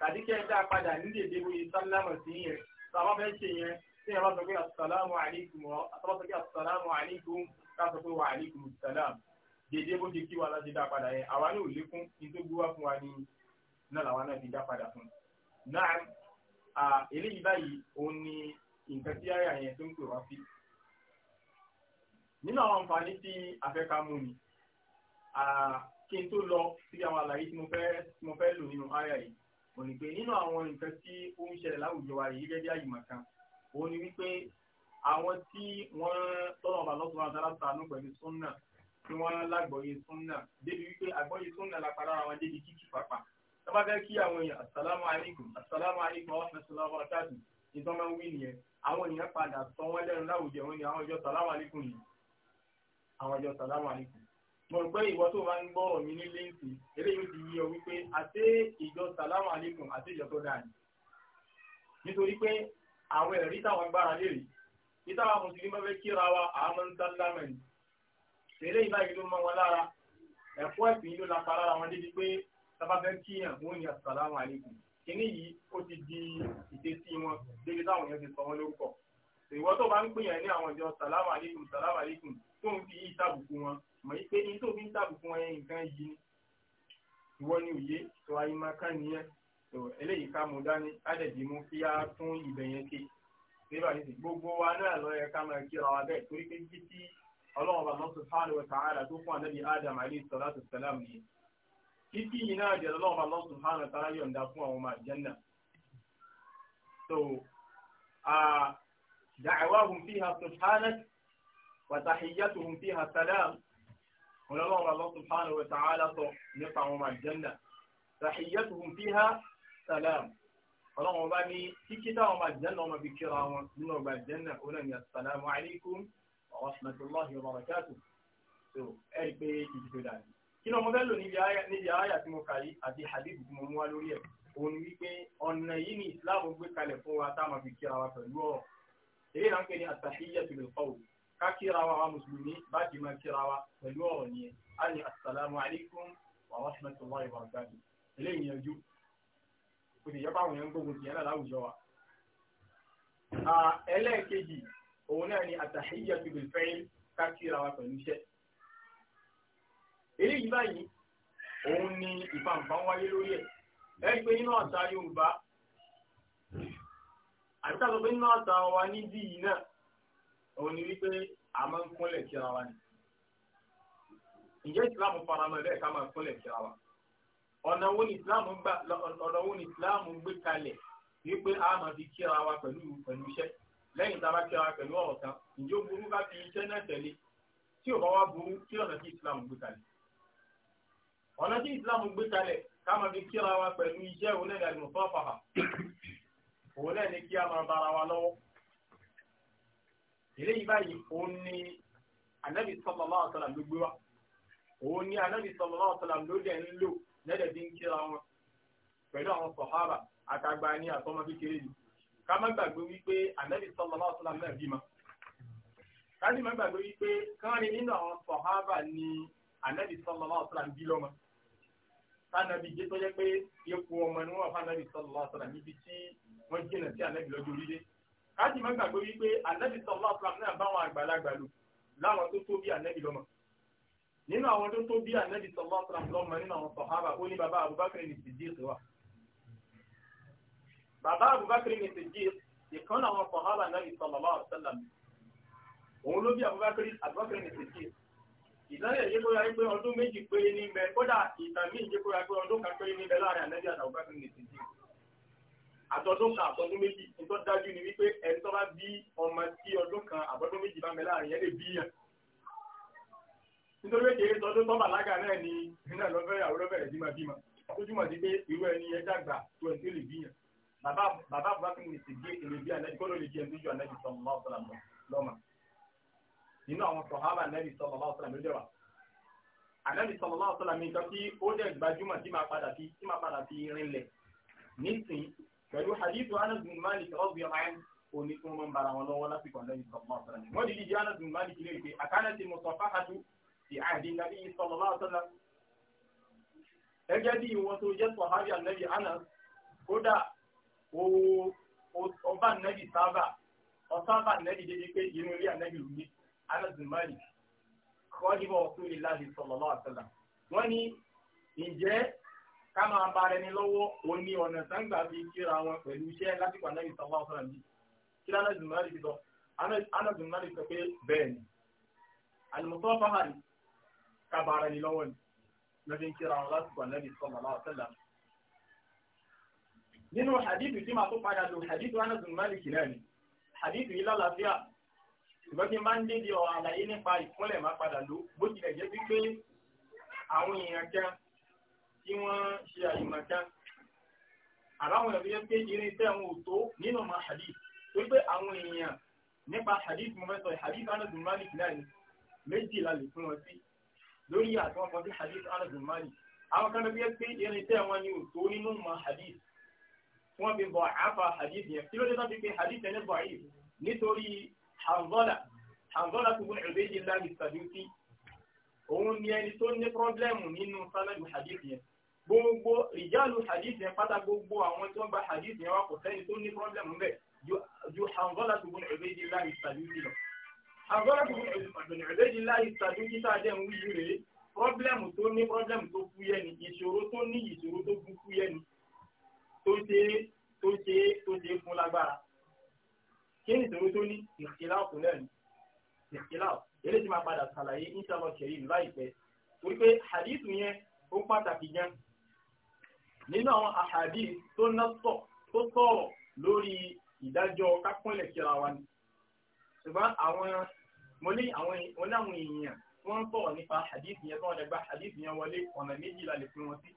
tàbí kẹ́ ẹ dá padà ní dèdè wòye sálámà sí yẹn tàbá fẹ́ ṣe yẹn sí yẹn bá sọ pé asalaamu aleykum ká sọ pé wa alaikum salam dédé bó ṣe kí wa láti dá padà yẹn àwa náà lékún ní tó gbé fún wa ní náà làwa náà fi dá padà fún náà eléyìí báyìí òun ni nǹkan tí àyà yẹn tó ń pè wá sí nínú àwọn àǹfààní tí a fẹ́ ká mú ni kí n tó lọ sí àwọn àlàyé tí mo fẹ́ lò nínú àyà yìí mo ní pé nínú àwọn nǹkan tí ó ń ṣẹlẹ̀ láwùjọ wa yìí gẹ́gẹ́ bí àyùmọ̀ kan òun ni wípé àwọn tí wọ́n tọ́lọ̀ bá lọ́sùn náà dára sànú pẹ̀lú súnà tí wọ́n lágbọ̀ọ́yé súnà débi wípé àgbọ̀ọ́yé súnà lápára àwọn débi kíkì pàpà tó bá fẹ́ kí àwọn èèyàn asalaamu alaykum asalaamu alaykum wa rahmatulahi wa barakatu ìtọ́ máa ń wí nìyẹn àwọn èèyàn padà tọ́ wọ́n lẹ́nu láwùjọ wọn ni àwọn ìjọ salaamu alaykum yìí àwọn ìjọ salaamu alaykum mo rò pé ìwọ tó máa ń gbọ́rọ̀ mi ní lẹ́ǹsì eléyìí ti yí ọ wípé àti ìjọ salaamu alaykum àti ìjọ tó dáa nítorí pé àwọn ẹ̀rí táwọn gbára léèrè níta àwọn mùsùlùmí máa fẹ́ kíra wa àmọ́ ń sálámà ní. tẹ̀lé ìlà yìí ló mọ wọn lára ẹ̀kọ́ ẹ̀sìn yìí ló lápá lára wọn débi pé sábà fẹ́ kíyàn wọn ni asàlámù àlékún. kíní yìí ó ti di ìdésí wọn débi táwọn yẹn ti sọ wọn lórúkọ. ìwọ tó bá ń pèyàn ní àwọn ìjọ sàlámù àlékún sàlámù àlékún tó ń fi yìí tàbùkù wọn mọ̀ yí pé ní tó fi ń tàbùkù wọn yẹn nǹkan yìí ni ìwọ ni òye tó ayé máa ká nìyẹn tó eléyìí ká mo dání síbà níbi gbogbo wa náà lọ yẹ ká máa kíra wa bẹ́ẹ̀ torí pé kí tí ọlọ́run bá lọ́sùn subhanahu wa ta'ala tó fún ànábì adam alayhi salatu salam yìí kí yìí náà jẹ́ ọlọ́run bá lọ́sùn subhanahu wa ta'ala yọ̀ǹda fún àwọn ọmọ àjẹ́nà. so da'wahum fiha subhanak wa tahiyyatuhum fiha salam ọlọ́run bá lọ́sùn subhanahu wa ta'ala sọ nípa àwọn ọmọ àjẹ́nà tahiyyatuhum fiha salam ọlọ́run ọba ní kíkí táwọn ọmọ àjẹ́nà ọmọ bíi kíra wọn nínú ọgbà àjẹ́nà òun náà ní asalaamu alaykum wa rahmatulahi wa barakatu so ẹ rí i pé kìkì tó dà ní. kí ni ọmọ bẹ́ẹ̀ lò níbi àyà tí mo kà yìí àti hadith tí mo mú wá lórí ẹ̀ òun wípé ọ̀nà yìí ni islam gbé kalẹ̀ fún wa táwọn fi kíra wa pẹ̀lú ọ̀rọ̀ èyí náà ń pè ní atahiyyatu lil qawl ká ọ̀rọ̀ kò sì yẹ fáwọn èèyàn gbógun tìyẹn náà láwùjọ wa. ẹlẹ́ẹ̀kejì òun náà ni àtàhíyàtu bil fi'l ká kíra wa pẹ̀lú iṣẹ́. eléyìí báyìí òun ni ìfàǹfà ń wáyé lórí ẹ̀ ẹ rí i pé nínú àṣà Yorùbá àti ká sọ pé nínú àṣà wa níbí yìí náà òun ni wípé a máa ń kúnlẹ̀ kíra wa ni. ǹjẹ́ ìsìlámù faramọ́ ẹ̀ bẹ́ẹ̀ ká máa kúnlẹ̀ kíra wa ọ̀nà wo ni islam gbà ọ̀nà wo ni islam gbé kalẹ̀ wípé a máa fi kíra wa pẹ̀lú pẹ̀lú iṣẹ́ lẹ́yìn tá a bá kíra wa pẹ̀lú ọ̀rọ̀ kan ǹjẹ́ ó burú ká fi iṣẹ́ náà tẹ̀lé tí ò bá wá burú kí ọ̀nà tí islam gbé kalẹ̀ ọ̀nà tí islam gbé kalẹ̀ ká máa fi kíra wa pẹ̀lú iṣẹ́ òun náà ni kí a máa bára wa lọ́wọ́ eléyìí báyìí òun ni anabi sallallahu alaihi wasallam ló gbé wa òun ni anabi sallallahu alaihi wasallam ló dẹ̀ ń lò lẹ́dẹ̀ẹ́dì ń kíra wọn pẹ̀lú àwọn sọ̀hábà àtàgbà ní àtọ́mọ kékeré yìí ká má gbàgbé wípé ànábì sallallahu alaihi wasallam náà bímọ ká sì má gbàgbé wípé kánrin nínú àwọn sọ̀hábà ni ànábì sallallahu alaihi wasallam bí lọ́mọ tánàbí jẹ́ tó jẹ́ pé epo ọmọ ni wọ́n fánàbí sallallahu alaihi wasallam níbi tí wọ́n jìnà sí ànábì lọ́jọ́ orílẹ̀ ká sì má gbàgbé wípé ànábì sallallahu alaihi wasallam náà báwọn àgbàlagbà lò láwọn tó tó bí ànábì lọ́mọ nínú àwọn tó tó bí ànábì sọ̀rọ̀ ọ̀sán nínú àwọn sọ̀hábà ó ní bàbá Abubakar ní Siddiq wà. bàbá Abubakar ní Siddiq ìkan náà àwọn sọ̀hábà ànábì sọ̀rọ̀ ọ̀sán òun ló bí Abubakar Abubakar ní Siddiq ìdánilẹ̀ yìí kóra pé ọdún méjì péré ní bẹ kódà ìtàn míì yìí kóra pé ọdún kan péré ní bẹ láàrin ànábì Abubakar ní Siddiq àtọdún kan àtọdún méjì nítorí dájú ni wípé ẹni tó bá bí ọmọ tí ọdún kan àbọ̀dún méjì bá mẹ láàrin yẹn lè bí yàn nítorí pé kìí sọdún tọ́ba lága náà ni iná lọ́fẹ́ ìyàwó lọ́fẹ̀rẹ̀ bímọ bímọ tójúmọ̀ sí pé irú ẹni ẹ dàgbà tó ẹ tó lè bíyàn bàbá bàbá bùkún ní ti gé èrè bí anájú kọ́ ló lè jẹun lójú anájú sọ mọ́ ọ̀sán àmọ́ lọ́mà nínú àwọn sọ̀hábà anájú sọ mọ́ ọ̀sán àmì lójọ́ wa anájú sọ mọ́ ọ̀sán àmì nǹkan tí ó dẹ̀ gbajúmọ̀ tí máa padà fi tí máa padà fi rinlẹ̀ nísìnyí pẹ̀lú hadithu Anas bin Malik rọ́bì ọ̀hán òní tí wọ́n máa ń bara wọn lọ́wọ́ lásìkò anájú sọ mọ́ ọ̀sán àmì wọ́n في عهد النبي صلى الله عليه وسلم gẹ́gẹ́ bí ìwọ́n tó jẹ́ sọ̀hárí ànẹ́bì Anas kódà ọba ànẹ́bì sábà ọ̀sábà ànẹ́bì débi pé inú ilé ànẹ́bì rúgbé Anas bin Malik kọ́dìbọ̀ ọ̀tún ilé láti sallallahu alaihi wasallam wọ́n ní ǹjẹ́ ká máa bára ẹni lọ́wọ́ ó ní ọ̀nà sáńgbà fi kíra wọn pẹ̀lú iṣẹ́ lásìkò ànẹ́bì sallallahu alaihi kí Anas sọ Anas sọ pé bẹ́ẹ̀ ni àlùmọ́tọ́ kábàárà ni lọ́wọ́ ni lọ́fi ń kíra wọn lásìkò ànábì sallallahu alaihi wasallam. nínú hadithu tí màá tó padà lò hadithu Anas bin Malik náà ni hadithu yìí lálàáfíà ṣùgbọ́n kí n bá ń dé di ọ̀rọ̀ àlàyé nípa ìkúnlẹ̀ máa padà lò bó tilẹ̀ jẹ́ pípé àwọn èèyàn kan tí wọ́n ṣe àyùmọ̀ kan àbáwọn ẹ̀rí pé irinṣẹ́ wọn ò tó nínú ma hadith tó pé àwọn èèyàn nípa hadith mo fẹ́ sọ hadith Anas bin Malik náà ni méjì lè fún wọn sí lórí àtúwọ̀n kan sí hadith anas bin malik àwọn kan lóbi pé irinṣẹ́ wọn ni òtó nínú mọ hadith wọn fi bọ̀ àáfà hadith yẹn kí ló dé tán fi pé hadith yẹn bọ̀ yìí nítorí hanzola hanzola tó bọ̀ ẹ̀rọ ìdí láti sàdúntì òun ni ẹni tó ní pọ́blẹ́mù nínú sanadu hadith yẹn gbogbo ìjánu hadith yẹn pátá gbogbo àwọn tó ń gba hadith yẹn wà kò sẹ́ni tó ní pọ́blẹ́mù bẹ́ẹ̀ ju hanzola tó bọ̀ ẹ̀rọ ìdí láti sàdúntì lọ àgọ́lọ́pù ìbẹ̀rẹ̀lẹ́dìlá ìsàdókí tá a jẹ́ ń wíjú rèé pọ́blẹ́mù tó ní pọ́blẹ́mù tó fúyẹ́ ni ìṣòro tó ní ìṣòro tó bú fúyẹ́ ni tó ṣe tó ṣe tó ṣe fún lágbára kí ni ìṣòro tó ní ìṣẹ̀lá ọ̀kúnlẹ̀ ni ìṣẹ̀lá eré tí máa padà ṣàlàyé ìṣàlọ̀ kẹrin láìpẹ́ torí pé hadith yẹn ó pàtàkì gan nínú àwọn àhàdí tó ná sọ tó sọ̀rọ̀ lórí ìdájọ́ kápọ́nlẹ̀ kíra wa ni ṣùgbọ́n àwọn mo ní àwọn onáwọn èèyàn wọ́n ń sọ̀rọ̀ nípa hadith yẹn tó wọ́n dẹ̀ gba hadith yẹn wọlé ọ̀nà méjì la lè fi wọn sí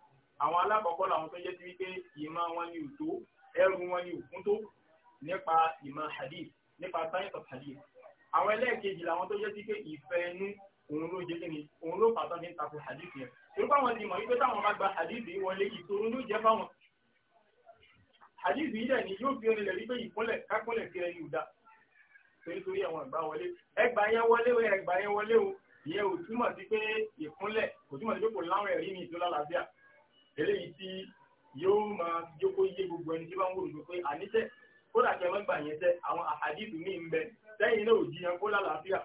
àwọn alákọ̀ọ́kọ́ làwọn tó jẹ́ sí wípé ìmọ̀ wọn ni ò tó ẹrù wọn ni ò kún tó nípa ìmọ̀ hadith nípa science of hadith àwọn ẹlẹ́ẹ̀kejì làwọn tó jẹ́ sí pé ìfẹ́ inú òun ló jẹ́ kíni òun ló pàtó ní tako hadith yẹn torí báwọn ti mọ̀ wípé táwọn bá gba hadith yìí wọlé ìṣòro ló jẹ́ fáwọn hadith yìí dẹ̀ ni yóò fi orin lẹ̀ wípé ìkúnlẹ̀ kákúnlẹ̀ kiri ni ò dáa nítorí àwọn ìgbà wọlé ẹgbà yẹn wọlé o ẹgbà yẹn wọlé o ìyẹn ò túmọ̀ sí pé ìkúnlẹ̀ kò túmọ̀ sí pé kò láwọn ẹ̀rí mi tó lálàáfíà eléyìí tí yóò máa jókòó yé gbogbo ẹni tí bá ń wò lóko pé àníṣe kódà kí ẹ má gbà yẹn tẹ àwọn àhàdìsù míì ń bẹ sẹ́yìn náà ò jí yan kó lálàáfíà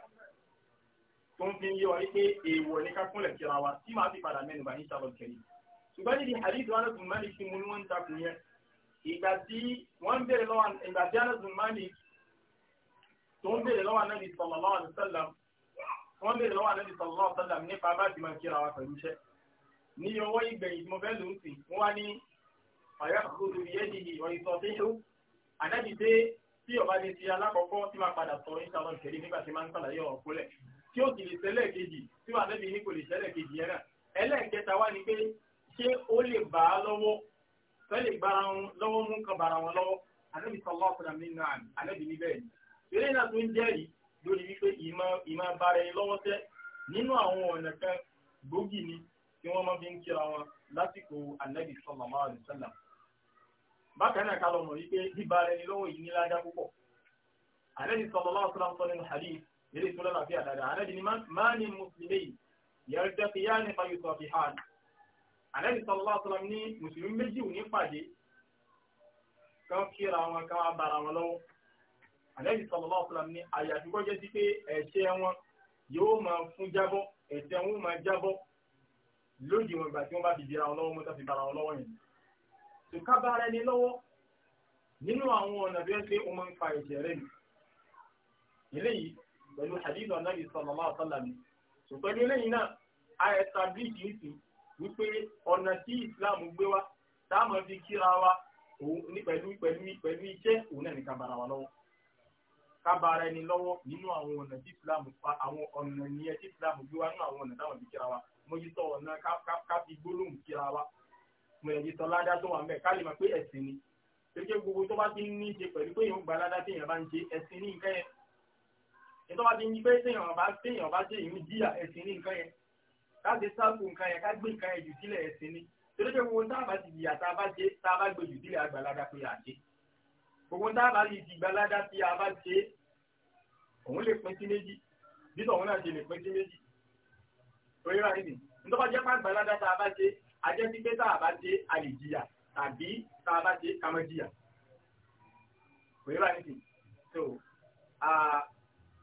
tó ń fi yé wa wípé èèwọ̀ ní ká kúnlẹ̀ kíra wa tí màá fi padà mẹ́nu bá ní sábọ̀ kẹ́yìn ṣùgbọ́n níbi àdìsù alẹ́kùn mẹ́lì tí mo ní wọ́n ń takùn yẹn ìgbà tí wọ́n ń bèrè lọ́wọ́ ìgbà tí alẹ́kùn mẹ́lì tó ń béèrè lọ́wọ́ anábì sallallahu alaihi wasallam wọ́n béèrè lọ́wọ́ anábì sallallahu alaihi wasallam nípa bá ti máa kíra wa pẹ̀lú iṣẹ́ ní owó ìgbẹ̀yìn tí mo fẹ́ lò ń sìn wọ́n wá ní ọ̀yá kòtò ìyẹ́dìdì ọ̀yìntàn tí ó anábì dé tí ọba lè ti alákọ̀ọ́kọ́ tí máa padà sọ ìṣàlọ́ ìṣẹ́lẹ̀ nígbà tí máa ń sàlàyé ọ̀rọ̀ kólẹ̀ tí ó sì lè ṣẹlẹ̀ kejì tí wàá lẹ́bi ní kò lè ṣẹlẹ̀ kejì yẹn náà ẹlẹ́ẹ̀kẹta wá ni pé ṣé ó lè bá a lọ́wọ́ fẹ́ lè gbára wọn lọ́wọ́ mú kan bára wọn lọ́wọ́ anábì sọ lọ́ọ̀kúnra mi náà anábì níbẹ̀ yìí eré náà tó ń jẹ́rìí lórí wípé ìmọ̀ bára ẹni lọ́wọ́ tẹ́ nínú àwọn ọ̀nà kan gbòógì ni tí wọ́n máa fi ń kíra wọn lásìkò anabi sallallahu alaihi wasallam. bákan náà ká lọ mọ̀ wípé bíbára ẹni lọ́wọ́ yìí ní ládá púpọ̀ anabi sallallahu alaihi wasallam sọ nínú hadith eré tó lálàáfíà dáadáa anabi ni máa ní mùsùlùmí yartaqiyan fayusafihan Ànábì sallallahu alaihi wasallam ní mùsùlùmí méjì ò ní pàdé kan kíra wọn kan abara àlẹ́yìn sọ̀rọ̀ lọ́wọ́ fúnra ní àyàfi kọ́ jẹ́ sí pé ẹ̀ṣẹ̀ wọn yóò máa fún jábọ́ ẹ̀ṣẹ̀ wọn máa jábọ́ lódì wọn ìgbà tí wọ́n bá fi bíra wọn lọ́wọ́ mọ́tà fi bára wọn lọ́wọ́ yẹn. tùkà bára ẹni lọ́wọ́ nínú àwọn ọ̀nà bí wọ́n ṣe ó ń fa ẹ̀ṣẹ̀ rẹ̀ nù. eléyìí pẹ̀lú hadith ọ̀nàbì sọ̀rọ̀ lọ́wọ́ sọ̀lá mi. eléyìí náà a establish nìsí wípé ọ̀nà tí Islam gbé wa táwọn fi kíra wa pẹ̀lú pẹ̀lú pẹ̀lú iṣẹ́ òun kábàárà ẹni lọ́wọ́ nínú àwọn ọ̀nà tí islam pa àwọn ọ̀nà nìyẹn tí islam gbé wá nínú àwọn ọ̀nà táwọn fi kíra wa mójútó ọ̀nà ká fi gbólóhùn kíra wa mọ̀lẹ́dítọ́ ládá tó wà mẹ́ ká lè mọ̀ pé ẹ̀sìn ni pé gbogbo tó bá ti ní í ṣe pẹ̀lú pé èèyàn gba ládá téèyàn bá ń ṣe ẹ̀sìn ní nǹkan yẹn ètò bá ti ní pé téèyàn bá téèyàn bá ṣe ìlú díà ẹ̀sìn ní nǹkan yẹn ká ṣe sáàpù nǹkan yẹn ká gbé nǹkan yẹn jù sílẹ̀ ẹ̀sìn ni torí gbogbo tá a bá ti jìyà tá a bá ṣe a bá gbé jù sílẹ̀ àgbàládá pé àṣe gbogbo ń dábàá yìí ti gbalada tí a bá ṣe òun lè pín sí méjì bí tòun náà ṣe lè pín sí méjì lórí ra nìyí nítorí jẹ́ pàǹ gbalada tá a bá ṣe ajẹ́ sí pé tá a bá ṣe a lè jìyà tàbí tá a bá ṣe ká má jìyà lórí ra nìyí so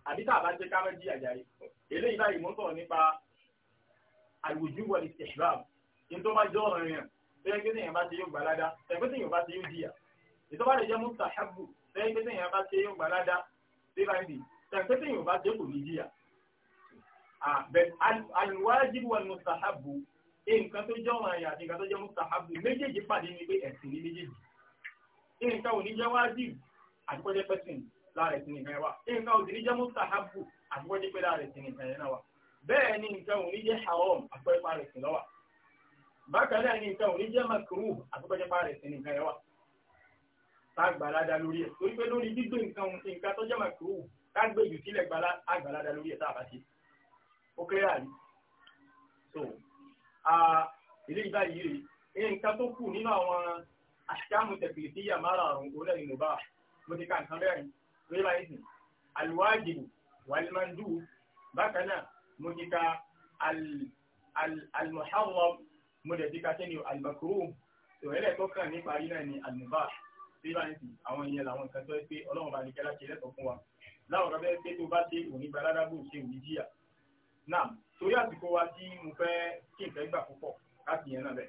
àbí tá a bá ṣe ká má jìyà jàre eléyìí báyìí mo ń sọ̀rọ̀ nípa àlùjù wọlé ìṣẹ̀ṣẹ̀ báà ní tó bá jọ ọ̀rọ̀ yẹn tó yẹ ìtọ́ba lè jẹ́ mustahabu sẹ́yìn pé sẹ́yìn bá ṣe yóò gbà ládá síra ìdí sẹ́yìn pé sẹ́yìn bá ṣe kò ní jìyà. alwajibu wal mustahabu nǹkan tó jẹ́ ọ̀ràn àyà àti nǹkan tó jẹ́ mustahabu méjèèjì pàdé ní pé ẹ̀sìn ní méjèèjì. nǹkan ò ní jẹ́ wájib àtikọ́jẹ́ pẹ́sìn lára ẹ̀sìn nìkan wa nǹkan ò sì ní jẹ́ mustahabu àtikọ́jẹ́ pé lára ẹ̀sìn nìkan yẹn náà wa bẹ́ẹ̀ ni nǹkan ò ní jẹ́ haram àtikọ́jẹ́ pé lára ẹ̀sìn lọ́wà bákan náà ni nǹkan ò ní jẹ́ makruh àtikọ́jẹ́ pé lára ẹ̀sìn nìkan yẹn wa tá a gbàládà lórí ẹ̀ torí pé lórí gbígbé nǹkan nǹkan tó jẹ́ màkúrò ká gbé jù sílẹ̀ gbàládà lórí ẹ̀ tá a bá ṣe ó kéré àrí so ilé ìgbà yìí rè nǹkan tó kù nínú àwọn àṣìkáàmù tẹ̀pìlì sí yàmára àrùn orí ẹ̀yìn mọ̀bá mo ti ka nǹkan mẹ́rin lórí báyìí sìn alwajibu walmandu bákan náà mo ti ka almuharram mo dẹ̀ ti ka sẹ́ni almakruh so ẹlẹ́tọ́ kan nípa rí náà ni almubah ṣé báyìí sì àwọn ìyẹn làwọn nǹkan tó ẹ pé ọlọ́run bá nìkẹ́ láti ẹlẹ́tọ̀ọ́ fún wa láwọn ọ̀rọ̀ bẹ́ẹ̀ pé tó bá ṣe òní balada bò ṣe òní jìyà náà torí àsìkò wa tí mo fẹ́ kí n fẹ́ gbà púpọ̀ láti yẹn náà bẹ̀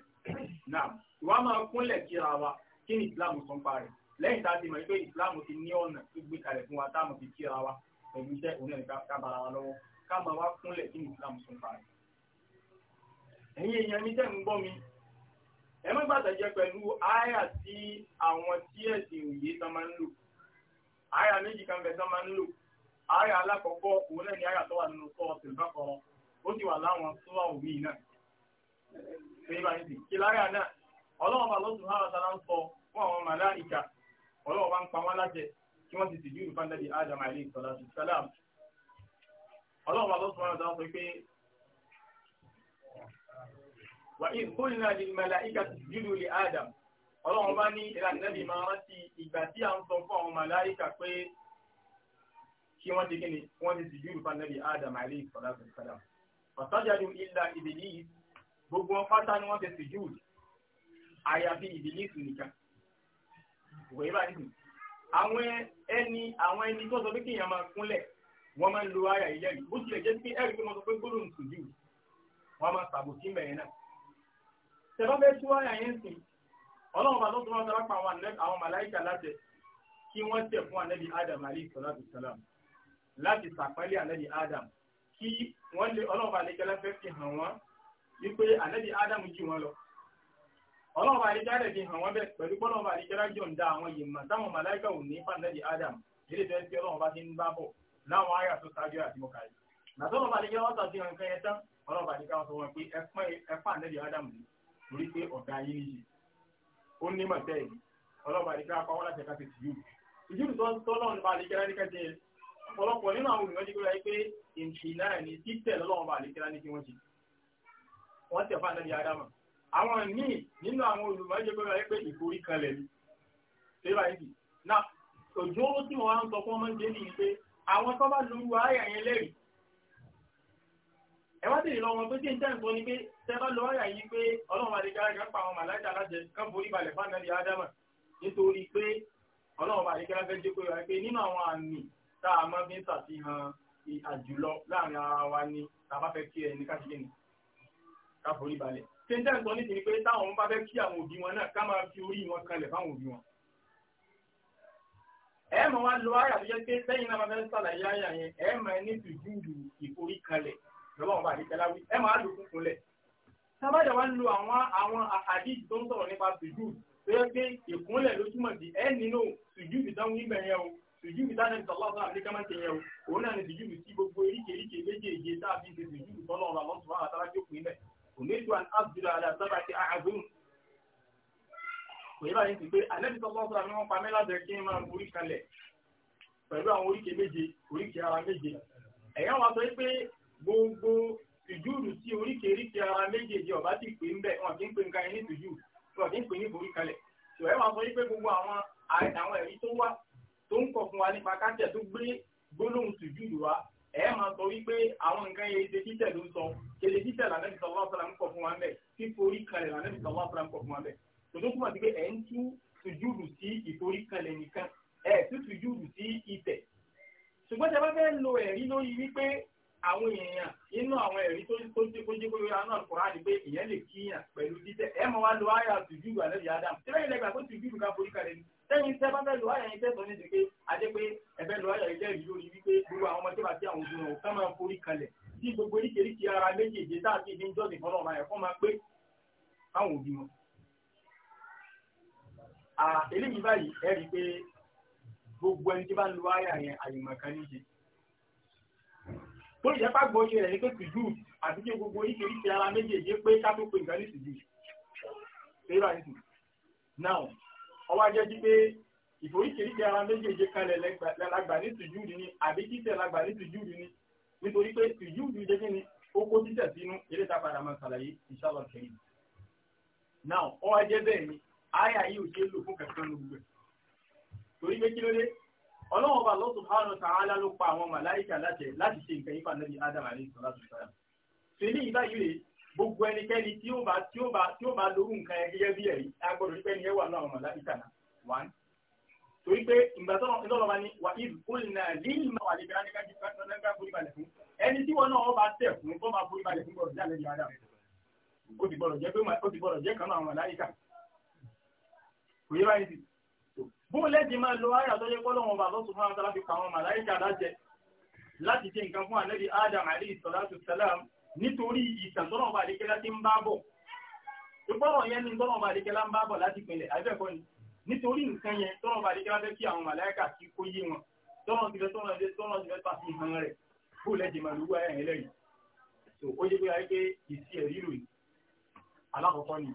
náà ìwà máa kúnlẹ̀ kíra wa kí ni Islam sọ ń parẹ́ lẹ́yìn tá a ti mọ̀ pé Islam ti ní ọ̀nà tó gbé kalẹ̀ fún wa táwọn fi kíra wa pẹ̀lú iṣẹ́ òun náà ká wa lọ́wọ́ ká máa wá kúnlẹ̀ kí ni Islam sọ ń parẹ́ ẹ̀yin èèyàn mi tẹ́ ń gbọ́ mi ẹ má gbàtẹ́jẹ́ pẹ̀lú àyà tí àwọn tí ẹ̀sìn òye tán máa ń lò àyà méjì kan bẹ̀ tán máa ń lò àyà alákọ̀ọ́kọ́ òun náà ni àyà tó wà nínú sọ́ọ̀tì bákan ó sì wà láwọn sọ́ọ̀ òbí náà kí láyà náà ọlọ́wọ́n bá lọ́sùn sọ fún àwọn ọlọ́wọ́n bá ń pa wọ́n lájẹ kí wọ́n ti sì fún ọlọ́wọ́n bá lọ́sùn wà ní qulna lil malaikati isjudu li Adam ọlọ́run bá ní ìlànà nàbì máa rántí ìgbà tí à ń sọ fún àwọn màláìkà pé kí wọ́n ti kí ni wọ́n ti sùjúdù fún nàbì Adam alayhi wọ́n ti sùjúdù nìkan àwọn ẹni àwọn ẹni tó sọ pé kí èèyàn kúnlẹ̀ wọ́n máa ń lo àyà ìlẹ́rìí bó tilẹ̀ jẹ́ pé ẹ̀rí pé wọ́n sọ pé gbólóhùn sùjúdù wọ́n máa ṣàbòsí mẹ́rin náà tẹ́lá fẹ́ tú àyà yẹn sìn ọlọ́run bá tó tó máa tẹ́lá pa àwọn màláìkà láti kí wọ́n tẹ̀ fún ànábì Adam alayhi salatu salam láti sàpẹ́lì ànábì Adam kí wọ́n lé ọlọ́run bá lékelá fẹ́ fi hàn wọ́n wípé ànábì Adam jù wọ́n lọ ọlọ́run bá lékelá rẹ̀ fi hàn wọ́n bẹ́ẹ̀ pẹ̀lú pọ́lọ́run bá lékelá jọ̀ǹda àwọn yìí mà táwọn màláìkà ò ní fún ànábì Adam ilé ìfẹ́ tí ọlọ́run bá ti ń bá bọ̀ láwọn àyà tó ṣáájú àti mọ́ka yìí nàtọ́lọ́ba àdìgẹ́ wọn tàbí ọ̀nkẹ́ Adam torí pé ọ̀gá yín níyì ó ní mọ̀tẹ́ yìí ọlọ́ba ní káàpá wọn láti ẹ̀ka ti tìjú ìjúlù tó ń tọ́lọ́ nípa àlékẹ́lá ní kẹ́jẹ́ ọ̀pọ̀lọpọ̀ nínú àwọn olùmọ̀jì kúrò pé ìǹkì náà ni títẹ̀ lọ́wọ́ bá àlékẹ́lá ní kí wọ́n ṣe wọ́n tẹ̀ fún àdáni adama àwọn míì nínú àwọn olùmọ̀jì kúrò pé ìforí kanlẹ̀ ni ṣé báyìí bì náà òjò tí wọ́n á ń sọ fún ọmọ ìdílé yìí pé àwọn tó bá lóru ẹ tèrè lọ wọn pé tí n tẹ́ ń ni pé tẹ bá lọ wáyà yìí pé ọlọ́run bá lè kára kan pa àwọn màláìka alájẹ kan forí balẹ̀ fún ànábì ádámà nítorí pé ọlọ́run bá lè kára fẹ́ jẹ́ pé wáyà pé nínú àwọn àmì tá a máa fi ń ṣàfihàn àjùlọ láàrin ara wa ni tá a bá fẹ́ kí ẹni káṣíkè ní ká forí balẹ̀ tí n tẹ́ ń sọ ní tìrí pé táwọn bá fẹ́ kí àwọn òbí wọn náà ká máa fi orí wọn kalẹ̀ fáwọn òbí wọn ẹ mọ̀ lọ wáyà tó yẹ pé sẹ́yìn náà máa fẹ́ ṣàlàyé àyà yẹn ẹ mọ̀ ẹ ní tùjúùdù ìforíkalẹ̀ lọ́wọ́ bá àdékẹ́lá wí ẹ máa lò fún lẹ̀. sábàdà wa ń lo àwọn àwọn àdìsí tó ń sọ̀rọ̀ nípa sùjú tó yẹ pé ìkúnlẹ̀ ló túmọ̀ sí ẹ nínú sùjú ìdánwò níbẹ̀ yẹn o sùjú ìdánwò sọ̀lọ́sọ̀ àbíkẹ́ máa ń tẹ̀yẹ o òun náà ni sùjú sí gbogbo eríkèéríkè méjèèjì tá a fi ṣe sùjú tọ́lọ́ ọ̀rọ̀ àwọn sùnmọ́ àtàrà tó pin bẹ̀ òmìnirú àbúrò àdàsábà ti àhàzùn pẹ̀lú àyè ti pé àlẹ́bí sọ́sọ́sọ́ àmì wọn pa mẹ́lá jẹ́ kí n máa borí kalẹ̀ pẹ̀lú àwọn oríkèé méje oríkèé ara méje ẹ̀yàn wa sọ pé gbogbo ìjúùdù tí oríkèéríkèé ara méjèèjì ọba ti pè ń bẹ wọn kì í pè nǹkan ẹni tìjú wọn kì í pè ní borí kalẹ̀ tó ẹ máa sọ wípé gbogbo àwọn àwọn ẹ̀rí tó wà tó ń kọ̀ fún wa nípa kájẹ̀ tó gbé gbólóhùn tìjúùdù wa ẹ máa sọ wípé àwọn nǹkan yẹn ṣe títẹ̀ ló ń sọ ṣe títẹ̀ lànà ìsọ̀rọ̀ ọ̀sán ń kọ̀ fún wa mẹ́ fíforí kalẹ̀ lànà ìsọ̀rọ̀ ọ̀sán ń kọ̀ fún wa mẹ́ tòótọ́ túmọ̀ sí pé ẹ̀ ń tú tùjúùdù sí ìforí kalẹ̀ nìkan ẹ̀ tú tùjúùdù sí ìtẹ̀ ṣùgbọ́n tí a bá fẹ́ lo ẹ̀rí lórí wípé àwọn èèyàn inú àwọn ẹ̀rí tó tó tí kó jẹ́ kó yọra náà kọ́ àdì pé ìyẹn lè kíyàn pẹ̀lú títẹ̀ ẹ mọ̀ wá lo àyà tùjúbù àlẹ́bí adam tẹ́lẹ̀ ilẹ̀ gbà pé tùjúbù ká forí kalẹ̀ ni sẹ́yìn tẹ́ bá fẹ́ lo àyà yẹn tẹ́sán ní ti pé àjẹ́ pé ẹ̀fẹ́ lo àyà yẹn jẹ́rìí lórí wípé gbogbo àwọn ọmọ tí bá ti àwọn ogun náà ká máa forí kalẹ̀ tí gbogbo oríkèéríkèé ara méjèèjì a ti fi ń jọ́ nìkan náà máa ẹ̀kọ́ máa pé àwọn òbí wọn. eléyìí báyìí ẹ rí i pé gbogbo ẹni tí bá ń lo àyà yẹn àyùmọ̀ kan níṣe tó ìyẹn bá gbọ́ yẹn rẹ̀ ní pé tìjú àti jẹ́ gbogbo oríṣiríṣi ara méjèèjì pé ká tó pe nǹkan ní tìjú ṣéyìnbá ní tìjú now ọwọ́ ajẹ́ jí pé ìforíṣiríṣi ara méjèèjì kalẹ̀ lágbà ní tìjú ni àbí títẹ̀ lágbà ní tìjú ni nítorí pé tìjú ni jẹ́ kí ni ó kó títẹ̀ sínú eré tá padà máa ṣàlàyé inshallah kẹyìn now ọwọ́ ajẹ́ bẹ́ẹ̀ ni àyà yìí ò ṣe é lò fún kẹ̀kẹ́ lóògbé torí pé kí ló dé ọlọ́wọ́n bá Allah subhanahu wa ta'ala ló pa àwọn màláìkà láti ṣe nǹkan yípa nàbí adam alayhi salatu wa salam. fèlè ìbáyìí rè gbogbo ẹnikẹ́ni tí ó bá tí ó bá tí ó bá lórí nǹkan yẹn gẹ́gẹ́ bí ẹ̀rí agbọ́dọ̀ nípa ẹni yẹn wà náà màláìkà náà one. torí pé ìgbà tó lọ́wọ́ bá ní wà if qulna lil malaikati náà forí balẹ̀ fún ẹni tí wọn náà bá tẹ̀ fún tó bá forí balẹ̀ fún gbọ́dọ̀ jáde ní adam ó ti gbọ́dọ̀ jẹ́ pé ó ti gbọ́dọ̀ jẹ́ kan náà màláìkà kò yẹ báyìí bóun lẹ́ẹ̀dì máa lo ayé àtọ́jẹ́ pọ́lọ́wọ́n bàbá sùn fún àwọn tàbí kàwọn màláìka lájẹ láti ṣe nǹkan fún ànábì Adam alayhi salatu salam nítorí ìtàntọ́nà ọba àdékẹ́lá ti ń bá bọ̀ ìgbọ́rọ̀ yẹn ní tọ́nà ọba àdékẹ́lá ń bá bọ̀ láti pinlẹ̀ àbẹ́ẹ̀kọ́ ni nítorí nǹkan yẹn tọ́nà ọba àdékẹ́lá fẹ́ kí àwọn màláìka kí kó yé wọn tọ́nà ti fẹ́ tọ́nà ti tọ́nà ti fẹ́ fà sí hàn rẹ̀ bó lẹ́jẹ̀ máa lówó ayé ẹlẹ́yìn so ó yẹ pé ayé pé ìsí ẹ̀rí rò yìí alákọ̀ọ́kọ́ nìyí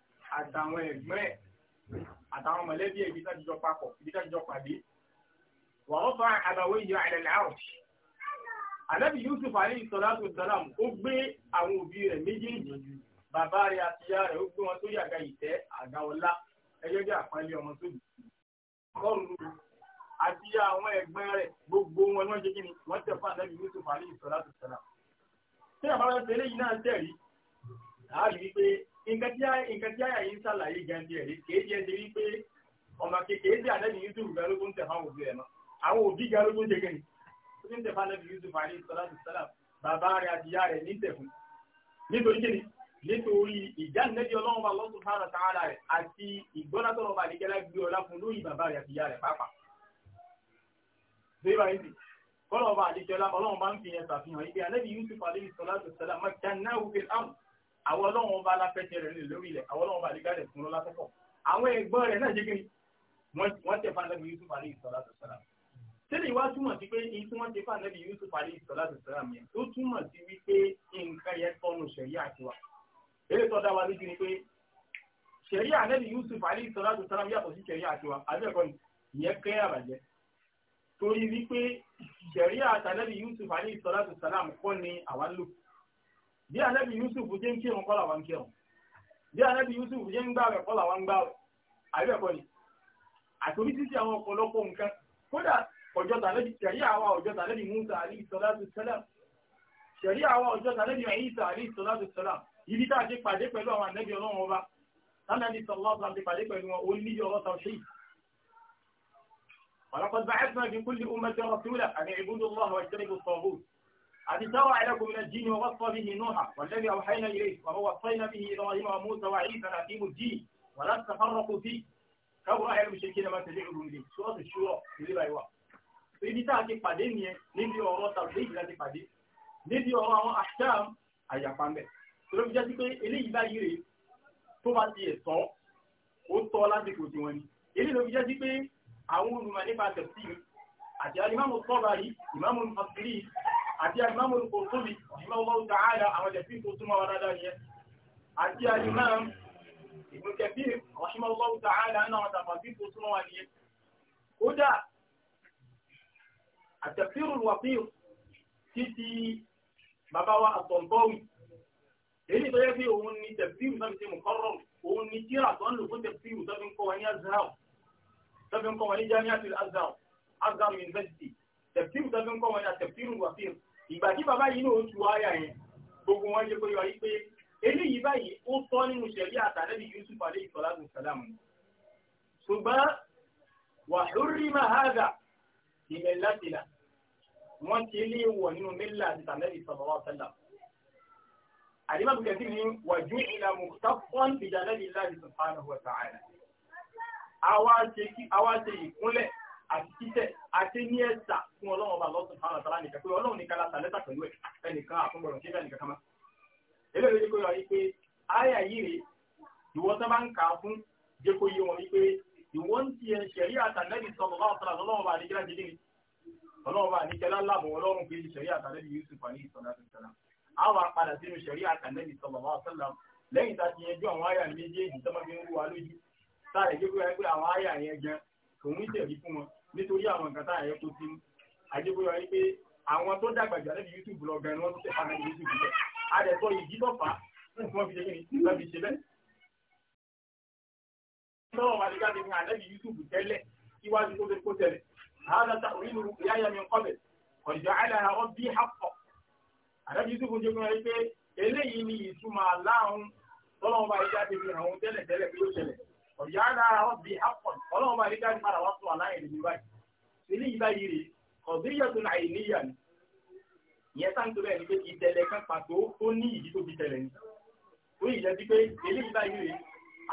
àtàwọn ẹ̀gbọ́n ẹ̀ àtàwọn mọ̀lẹ́bí ẹ̀ ibi tájújọ papọ̀ ibi tájújọ pàdé wà ó fa àbàwọ̀ ìyá àlẹ́lẹ́ àrùn. Ànábì Yusuf alayhi salatu salam ó gbé àwọn òbí rẹ̀ méjèèjì bàbá rẹ̀ àti ìyá rẹ̀ ó gbé wọn sórí àga ìtẹ́ àga ọlá ẹgbẹ́ bí àpọ́nlé ọmọ tó dùn. Kọ́ọ̀lù àti àwọn ẹ̀gbọ́n rẹ̀ gbogbo wọn lọ́jọ́ kí ni wọ́n tẹ̀ fún Ànábì Yusuf alayhi salatu salam. Tí àbáwọ̀ tẹ́lẹ̀ yìí náà tẹ̀rí, àá rí i nǹkan tí àyà yìí ń ṣàlàyé gan bí ẹ̀rí kìí jẹ́ ti wípé ọmọ kékeré tí àdẹ́bí Yusuf gan ló ń tẹ̀fà òbí ẹ̀ mọ́ àwọn òbí gan ló ń tẹ̀ gẹ̀yìn ó ti ń tẹ̀fà àdẹ́bí Yusuf àrí sọlá ti sọlá bàbá rẹ̀ àti ìyá rẹ̀ ní tẹ̀fún nítorí kí ni nítorí ìjà nẹ́bí ọlọ́run bá lọ́sùn sára sára rẹ̀ àti ìgbọ́nàtọ̀rọ̀ bá nìkẹ́lá gbé ọlá fún lórí bàbá rẹ̀ àti ìyá rẹ̀ pàápàá. Bébà yìí kọ́lọ̀ bá àdìkẹ́lá ọlọ́run bá ń fi yẹn ṣàfihàn ibi ànẹ́bí Yusuf àdébí sọlá ti sọlá mọ́ àwọn ọlọ́run ọba aláfẹ́tẹ̀ rẹ̀ lè lórí ilẹ̀ àwọn ọlọ́run ọba àdìgálẹ̀ fún lọ́lá tọ́kọ̀ àwọn ẹ̀gbọ́n rẹ̀ náà jẹ́ kí wọ́n tẹ̀ fún anábì Yusuf alayhi salatu salam tẹ́lẹ̀ wá túmọ̀ sí pé iye tí wọ́n tẹ̀ fún anábì Yusuf alayhi salatu salam yẹn tó túmọ̀ sí wípé nǹkan yẹn tọ́nu sẹ̀rí àti wa eré tó dá wa lójú ni pé sẹ̀rí anábì Yusuf alayhi salatu salam yàtọ̀ sí sẹ̀rí àti wa àbẹ́ẹ̀kọ́ ìyẹn kẹ́ àbàjẹ́ torí wípé sẹ̀rí àtànábì Yusuf alayhi salatu salam kọ́ ni àwa lò bí anabi yusuf jẹ́ ń kírun kọ́ làwọn ń kírun bí anabi yusuf jẹ́ ń gbààwẹ̀ kọ́ làwọn ń gbààwẹ̀ àbí ẹ̀kọ́ ni àtòrí títí àwọn ọ̀pọ̀lọpọ̀ nǹkan kódà ọjọ́ tàlẹ́bí ṣẹ̀rí àwa ọjọ́ tàlẹ́bí musa alayhi salatu salam ṣẹ̀rí àwa ọjọ́ tàlẹ́bí isa alayhi salatu salam ibi tá a ti pàdé pẹ̀lú àwọn anabi ọlọ́run ọba tánàbí sallallahu alaihi ti pàdé pẹ̀lú wọn أبي ترى لكم من الدين ووصى به نوحا والذي أوحينا إليه وهو وصينا به إبراهيم وموسى وعيسى أن أقيموا الدين ولا تفرقوا فيه كبر أهل المشركين ما تدعوهم إليه سورة الشورى يقول أيوة ibi tá a ti pàdé nìyẹn níbi ọ̀rọ̀ tàbíléèjì láti pàdé níbi ọ̀rọ̀ àwọn àṣàm àyàpàmbẹ̀ tó fi jẹ́ sí pé eléyìí báyìí rèé tó bá ti ẹ̀tọ́ ó tọ́ láti kò tiwọn ni eléyìí ló fi jẹ́ sí pé àwọn olùmọ̀ nípa tẹ̀sí àti alimamu sọ́ọ̀bà yìí ìmáàmù nfàfírí àti àìmáàmù olùkòròtóbi ìmọ̀wọ́ tààlà àwọn jẹ̀fí tó túnmọ̀ wà dáadáa nìyẹn àti àìmáàmù ìgbòkẹ̀fí ìmọ̀wọ́ tààlà náà tàbí tó túnmọ̀ wà nìyẹn kódà àtẹ̀fírù wàfíù títí bàbá wa àtọ̀ǹbọ̀wì èyí tó yẹ kí òun ni tẹ̀fírù tó fi ṣe mùkọ́rọ̀ òun ni tíra tó ń lò fún tẹ̀fírù tó fi ń kọ́ wa ní azhar tẹ̀fírù tó fi ń kọ́ wa ní àtẹ̀fírù wàfíù ìgbà tí bàbá yìí náà tu àyà yẹn gbogbo wọn jẹ́ pé wà yí pé eléyìí báyìí ó tọ́ nínú ṣẹ̀rí àtàlẹ́bí Yusuf alẹ́ ìsọ̀lágùn sàlámù ṣùgbọ́n wàhúrí mahada ìmẹ̀ látìlá wọ́n ti lé wọ̀ nínú mílà àti tàlẹ́bí sọ̀lọ́wọ́ sẹ́lá àdìmọ́bù kẹsì ni wàjú ìlà mùsàfọ́n ìjà lẹ́yìn láti sọ̀fánà wọ̀ sàárà àwa ṣe ìkúnlẹ̀ àti títẹ̀ àti ní ẹ̀sà fún ọlọ́run ọba lọ́sùn fún àwọn àtàlà nìkan pé ọlọ́run nìkan la sàlẹ́sà pẹ̀lú ẹ̀ ẹnìkan àtúngbọ̀rọ̀ ṣé bẹ́ẹ̀ nìkan kama. eléyìí ló yẹ kó yọ wípé àyà yìí rè ìwọ tó máa ń kà á fún jẹ́ kó yé wọn wípé ìwọ ń tiẹ̀ ṣẹ̀rí àtàlẹ́bí sọ̀rọ̀ bá ọ̀sán ọlọ́run ọba àdìjẹ́lá jẹ́ kíni ọlọ́run ọba àdìjẹ́lá láàbọ̀ ọlọ́run fi ṣẹ̀rí àtàlẹ́bí Yusuf àní ìsọ̀lá àwọn apàdà sínú ṣẹ̀rí àtàlẹ́bí sọ̀rọ̀ bá ọ̀sán lẹ́yìn tá a ti yanjú àwọn àyà méjèèjì tó máa fi ń rú wa lójú táà ẹ̀jẹ̀ pé nítorí àwọn nǹkan tá àyẹ̀kó sí àjẹbóyọ wípé àwọn tó dàgbà jù YouTube lọ gan ni wọ́n tún tẹ̀ fáwọn YouTube lọ adẹ̀tọ́ ìdí lọ́fà fún ìfọ́n fi ṣe kí ni ìfọ́n fi ṣe bẹ́ẹ̀. sọ́wọ́n wa ti ká ti fún YouTube tẹ́lẹ̀ kí wá ju kóso kó tẹ̀lé àádọ́ ta orí mi ìyá ya mi ń kọ́bẹ̀ ọ̀dọ̀ àìlera ọ̀ bí YouTube jẹ́ fún wa wípé eléyìí ni ìtumọ̀ aláhùn sọ́wọ́n wa ti ká ti ọ̀yá náà ọ̀bí àpọ̀ ọlọ́run máa ní dájú padà wá fún aláyẹ̀ nínú báyìí sílẹ̀ yìí báyìí rè ọ̀bíyà tó náà ìníyà ni ìyẹn sáńtò bẹ́ẹ̀ ni pé ìtẹ̀lẹ̀ kan pàtó tó ní ìdí tó fi tẹ̀lẹ̀ ni ó yìí jẹ́ pé eléyìí báyìí rè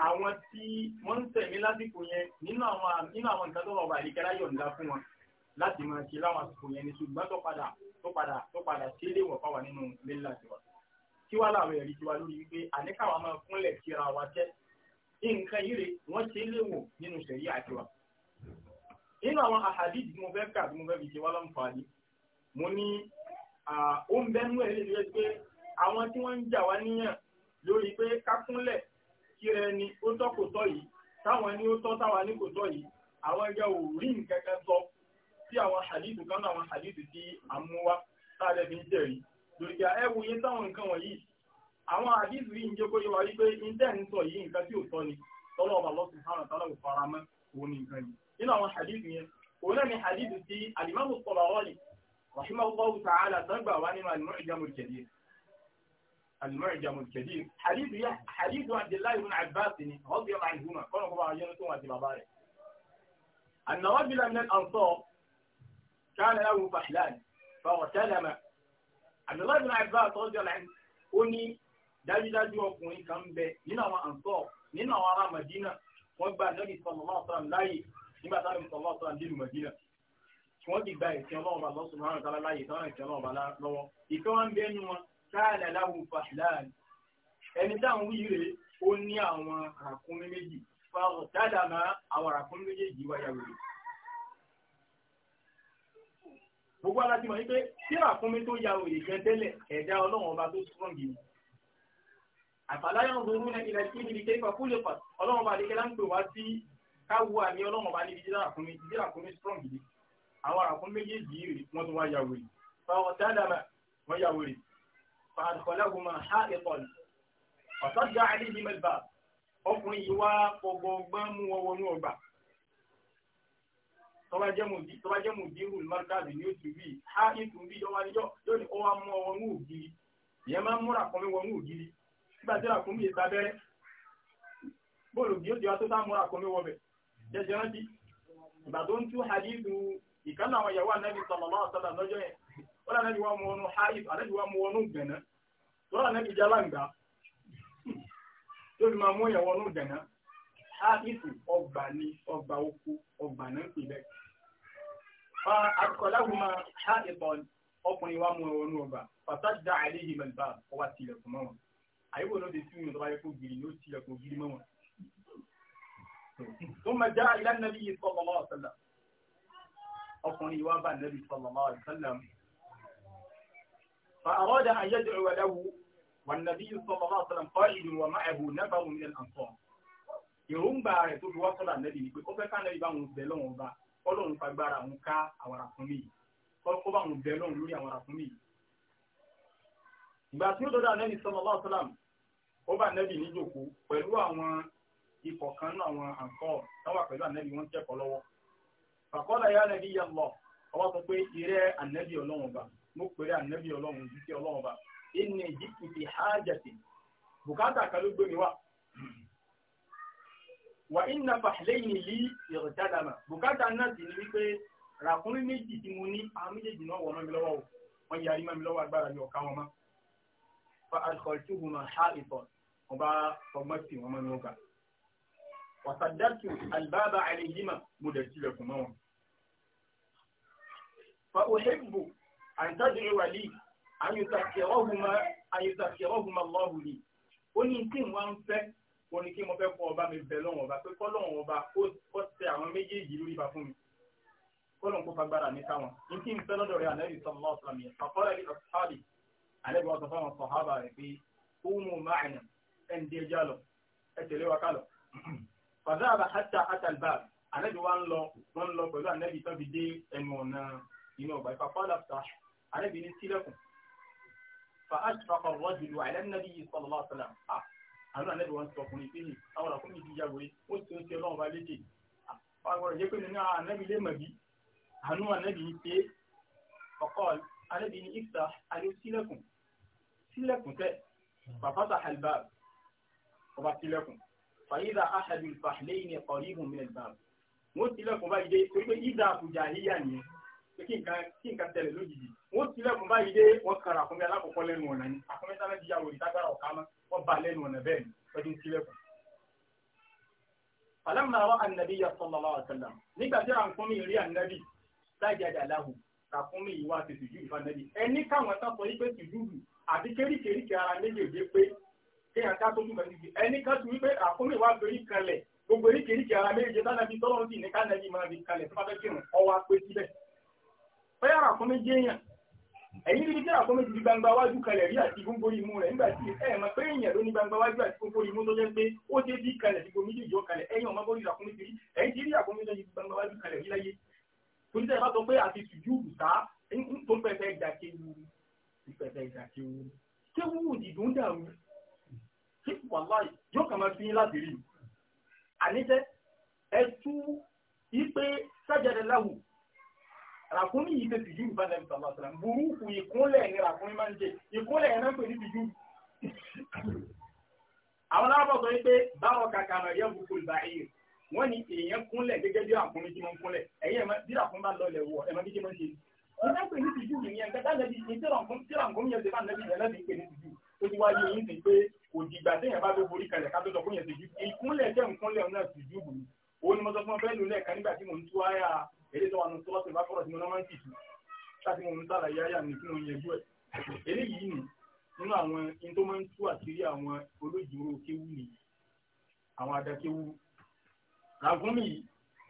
àwọn tí wọ́n ń tẹ̀mí lásìkò yẹn nínú àwọn nínú àwọn nǹkan tó lọ́ọ́ bá àdìkẹ́lá yọ̀ǹda fún wọn láti máa ṣe láwọn àsìkò yẹn ni ṣùgbọ́n tó padà tó padà tó padà ṣe é léwọ̀ fáwa nínú lẹ́lá tiwa kí wá láwọn ẹ̀rí tiwa lórí wípé àníkàwá máa fúnlẹ̀ síra wa tẹ́ nǹkan yìí rèé wọ́n ṣe é léwọ̀ nínú ṣẹ̀rí àtiwá nínú àwọn àhàdíìsì mo fẹ́ kà tí mo fẹ́ fi ṣe wá láǹfààní mo ní ó ń bẹ́nu ẹ̀ lè rí pé àwọn tí wọ́n ń jà wá níyàn lórí pé kákúnlẹ̀ kíra ẹni ó tọ́ kò tọ́ yìí táwọn ní ó tọ́ táwọn ní kò tọ́ yìí àwọn ẹgbẹ́ ò rí nǹkan kan sọ sí àwọn àhàdíìsì kan náà àwọn àhàdíìsì tí a mú wá tá a lè fi ń jẹ̀rí lórí pé ẹ wo táwọn nǹkan wọ̀nyí àwọn àdìsí yìí ń jẹ́ kó yẹ wá wípé ìdẹ́ ń sọ yìí nǹkan tí ò sọ ni tọ́lọ́ ọba Allah subhanahu wa ta'ala kò fara mọ́ òun nìkan yìí nínú àwọn àdìsí yẹn òun náà ni àdìsí tí al-Imam al-Tabarani rahimahullahu ta'ala sọ́gbà wá nínú al-Mu'jam al-Kabir al-Mu'jam al-Kabir àdìsí Abdullah ibn Abbas ni radiyallahu anhuma kọ́nà kó bá wọn tó wọn àti bàbá rẹ̀ الأنصار كان له فحلان فاغتنم عبد الله بن عباس رضي الله عنه dájúdájú ọkùnrin kan bẹ nínú àwọn àǹsọ nínú àwọn ará Madina wọ́n gba Nabi sallallahu alaihi wasallam láàyè nígbà táwọn Nabi sallallahu alaihi wasallam Madina tí wọ́n ti gba ìsìn ọlọ́run bá lọ́sùn márùn tálá láàyè táwọn ìsìn ọlọ́run bá lọ́wọ́ ìfẹ́ wọn bẹ nu wọn káàlẹ̀ láwùn fàṣìláàn ẹni táwọn wí rèé ó ní àwọn àràkùnrin méjì fáwọn dáadáa máa àwọn àràkùnrin méjèèjì wáyà wèrè gbogbo alájùmọ̀ yìí pé tí àràkùnrin tó ya òye gan tẹ́lẹ̀ ẹ̀dá ọlọ́run ọba tó strong yìí àfàláyàn lóru ní ilẹ̀ tí ibi kẹ́ ìfà kúlẹ̀ pàt ọlọ́run bá adékẹ́lá ń pè wá sí káwọ àmì ọlọ́run bá níbi dídá àkúnmí dídá àkúnmí strong yìí àwọn àkún méjèèjì yìí wọ́n tún wá ya wèrè fáwọn tí ádámà wọ́n ya wèrè fàdùkọ́láhùnmá ha ìtọ́lù ọ̀sọ́jà àdéhìí mẹ́lbà ọkùnrin yìí wá fọgbọgbọ́n ní oṣù bíi ha ìtùbí wá níjọ́ yóò mú ọ wọnú ògiri ìyẹn máa ń gbàdúrà fún ìgbàbẹ́rẹ́ bóòlù bí ó di wa tó sá múra kọ́mí wọ́bẹ̀ jẹjẹ rántí ìgbà tó ń tú hadithu ìkànnì àwọn ìyàwó anabi sallallahu alaihi lọ́jọ́ yẹn ó lọ anabi wa mú ọnu haif anabi wa mú ọnu gbẹ̀nà tó lọ jẹ́ aláǹgbá tó máa mú ìyàwó ọnu gbẹ̀nà haif ọgbà ni ọgbà ọgbà náà ń pè bẹ́ẹ̀ ọkùnrin wa mú ọgbà pàtàkì dá mẹ́lbà wọn. àyẹ̀wò náà ti tún yìí tó bá yẹ kó gírí yóò ti yẹ kó gírí mọ́ wọn. tó máa já ilá nàbí yìí sallallahu alaihi wasallam ọkùnrin ìwà bá nàbí sallallahu alaihi wasallam. فأراد أن يدعو له والنبي صلى الله عليه وسلم قائد ومعه نفر من الأنصار èròǹgbà rẹ̀ tó fi wá sọ́dọ̀ ànẹ́bì ni pé ó fẹ́ ká ànẹ́bì bá òun bẹ̀ lọ́wọ́n bá ọlọ́run fagbára òun ká àwọn àràfún mi kọ́ bá òun bẹ̀ lọ́wọ́n lórí àwọn àràfún yìí ìgbà tí ó dọ́dọ̀ anẹ́bí sallallahu alaihi ó bá anẹ́bí níjòkó pẹ̀lú àwọn ikọ̀ náà àwọn àǹkọ́ pẹ̀lú wọ́n lọ́wọ́ ya nabiyya Allah ọwọ́ sọ pé ìrẹ́ anẹ́bí ọlọ́run bá mo pèrè anẹ́bí ọlọ́run jíṣẹ́ ọlọ́run bá inni jitu fi hajati bùkátà kan ló gbé mi wá wà inna fàhlẹ́yìn lí ìrìtàdàmà bùkátà náà sì ní wípé ràkúnrin méjì tí mo ní àwọn fa adkhaltuhuma ha'itan mo bá ọgbọ́n tì wọ́n mọ́nú ọgbà wàtàdákì albaba àlejima mo dẹ̀ tilẹ̀kùn mọ́ wọn. fa uhibbu an tad'uwa li an yutakhirahuma an yutakhirahuma Allahu li ó ní tí n wá ń fẹ́ ó ní kí mo fẹ́ fún ọba mi bẹ̀ lọ́wọ́ ọba pé kọ́lọ́wọ́ ọba ó tẹ àwọn méjèèjì lórí ba fún mi kọ́lọ́wọ́ kó fagbára mi káwọn ní kí n fẹ́ lọ́dọ̀ rẹ̀ àná àlẹ́bí wọn sọ fáwọn sọ̀hábà rẹ̀ pé ó mú máàyàn ẹn dé ẹjá lọ ẹ tẹ̀lé wa ká lọ. fàzáàbà hàtà àtàlbà àlẹ́bí wa ń lọ wọn ń lọ pẹ̀lú àlẹ́bí tó fi dé ẹnu ọ̀nà inú ọgbà ìfàkọ́lá fà àlẹ́bí ní sílẹ̀kùn. fa àṣìfàkọ̀ rọ́jù lu àlẹ́ nàbí yìí sọ̀rọ̀ lọ́wọ́ sọ̀rọ̀ à àlọ́ àlẹ́bí wọn sọ fún ìpínlẹ̀ àwọn àkómi ti ó ti ń ṣe ọlọ́run sílẹ̀kùn tẹ̀ bàbá àlùbá ọba sílẹ̀kùn fàyídà ahadul fàhlẹ́yìn ọ̀ríhùn min bàb wọ́n sílẹ̀kùn báyìí dé torí pé ìdá àkùjà yíyá nìyẹn pé kí nǹkan tẹ̀lé lójijì wọ́n sílẹ̀kùn báyìí dé wọ́n kara àkúnbẹ́ alákọ̀ọ́kọ́ lẹ́nu ọ̀nà ni àkúnbẹ́ di àwòrán ìtagbára ọ̀ká mọ́ wọ́n ba lẹ́nu ọ̀nà bẹ́ẹ̀ ni wọ́n ti ń sílẹ̀kùn. فلما رأى النبي صلى الله عليه وسلم nígbà tí àǹkúnmí rí ànábì sájàdà láhùn àǹkúnmí yìí wá ti sùjúdù fún ànábì ẹni káwọn tán sọ yí pé sùjúdù àbí kéríkèríkè ara méjèèjì pé kéèyàn ká tó túbọ̀ níbi ẹni ká tún wípé àkórí wa dorí kalẹ̀ gbogbo eríkèríkè ara méjèèjì tánàbí tọ́lọ́run sì ní kánàbí máa fi kalẹ̀ tó bá fẹ́ kírun ọwọ́ apé síbẹ̀ fẹ́yà àkómi jẹ́yàn ẹ̀yìn níbi tí àkómi ti di gbangba wájú kalẹ̀ rí àti gbogbo imú rẹ̀ nígbà tí ẹ̀ mọ̀ pé èèyàn ló ní gbangba wájú àti gbogbo imú tó jẹ́ pé ó ti di kalẹ̀ tí gbogbo méjèèjì ọ kalẹ̀ ẹ̀yìn ọmọ bórí àkómi ti rí ìpẹ̀tẹ̀ ìdàkéwu ṣé wúwù dìdùn ń dàrú ṣé wàláì yóò kàn máa fi yín láti rí àníjẹ́ ẹ tú ipe sájàdẹ láwù ràkúnmí yìí tètè yìí bá lẹ́nu sàlá sàlá burúkú ìkúnlẹ̀ ní ràkúnmí máa ń jẹ ìkúnlẹ̀ yẹn náà pè ní bìjú. àwọn aláwọ̀ sọ pé báwọ̀ kàkà rẹ̀ yẹ kó kúlù báyìí wọ́n ní èèyàn kúnlẹ̀ gẹ́gẹ́ bí ràkúnmí tí wọ́n kúnlẹ̀ ẹ̀yẹ́ bí ràkúnmí bá lọ lẹ̀ wọ̀ ẹ̀ máa bí kí wọ́n ṣe ni ìgbà pé ní tìjú nìyẹn gẹ́gẹ́ lẹ́bi ní tíraǹkómi yẹn ti bá nẹ́bi yẹn lẹ́bi pé ní tìjú tó ti wáyé yín ti pé kò dìgbà téèyàn bá tó borí kalẹ̀ ká tó sọ fún yẹn tìjú ìkúnlẹ̀ jẹ́ ìkúnlẹ̀ ọ̀nà tìjú bù ó ní mo sọ fún ọ bẹ́ẹ̀ lulẹ̀ kan nígbà tí mò ń tú àyà èdè tó wà nù tó lọ́sẹ̀ bá kọ̀rọ̀ tí mo náà máa ń tìjú láti mo ń sàlàyé àyà mi fún oyin ẹjọ́ ẹ̀ eléyìí nì nínú àwọn in tó máa ń tú àṣírí àwọn olójúro kéwú ni àwọn adakéwú ràgúnmí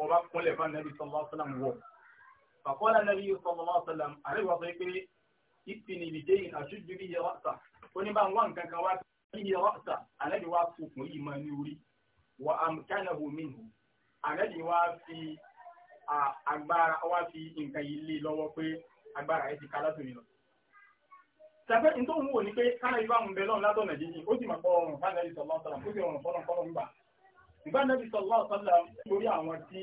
ọba kúnlẹ̀ fún anabi sọlá sọlá wọ̀ fàkọ́lá nàbí sallallahu alaihi wasallam àríwá sọ pé ìpìnì ìbìjẹ́ yìí àṣùjú bí yẹ rọ́ọ̀tà ó ní bá ń wá nǹkan kan wá bí yẹ rọ́ọ̀tà ànábì wá fòkùn yìí máa ní orí wà amkanahu minhu ànábì wá fi agbára wá fi nǹkan yìí lé lọ́wọ́ pé agbára ẹ ti ká látòmí lọ. Ṣàpẹ́ ní tó ń wò ní pé kára ibà ń bẹ lọ́n látọ̀nà jíjìn, ó sì máa pọ̀ ọrùn bá nàbì sallallahu alaihi wasallam, ó sì rọrùn fọ́nà fọ́nà ń bà. Ìbá nàbì sallallahu alaihi wasallam lórí àwọn tí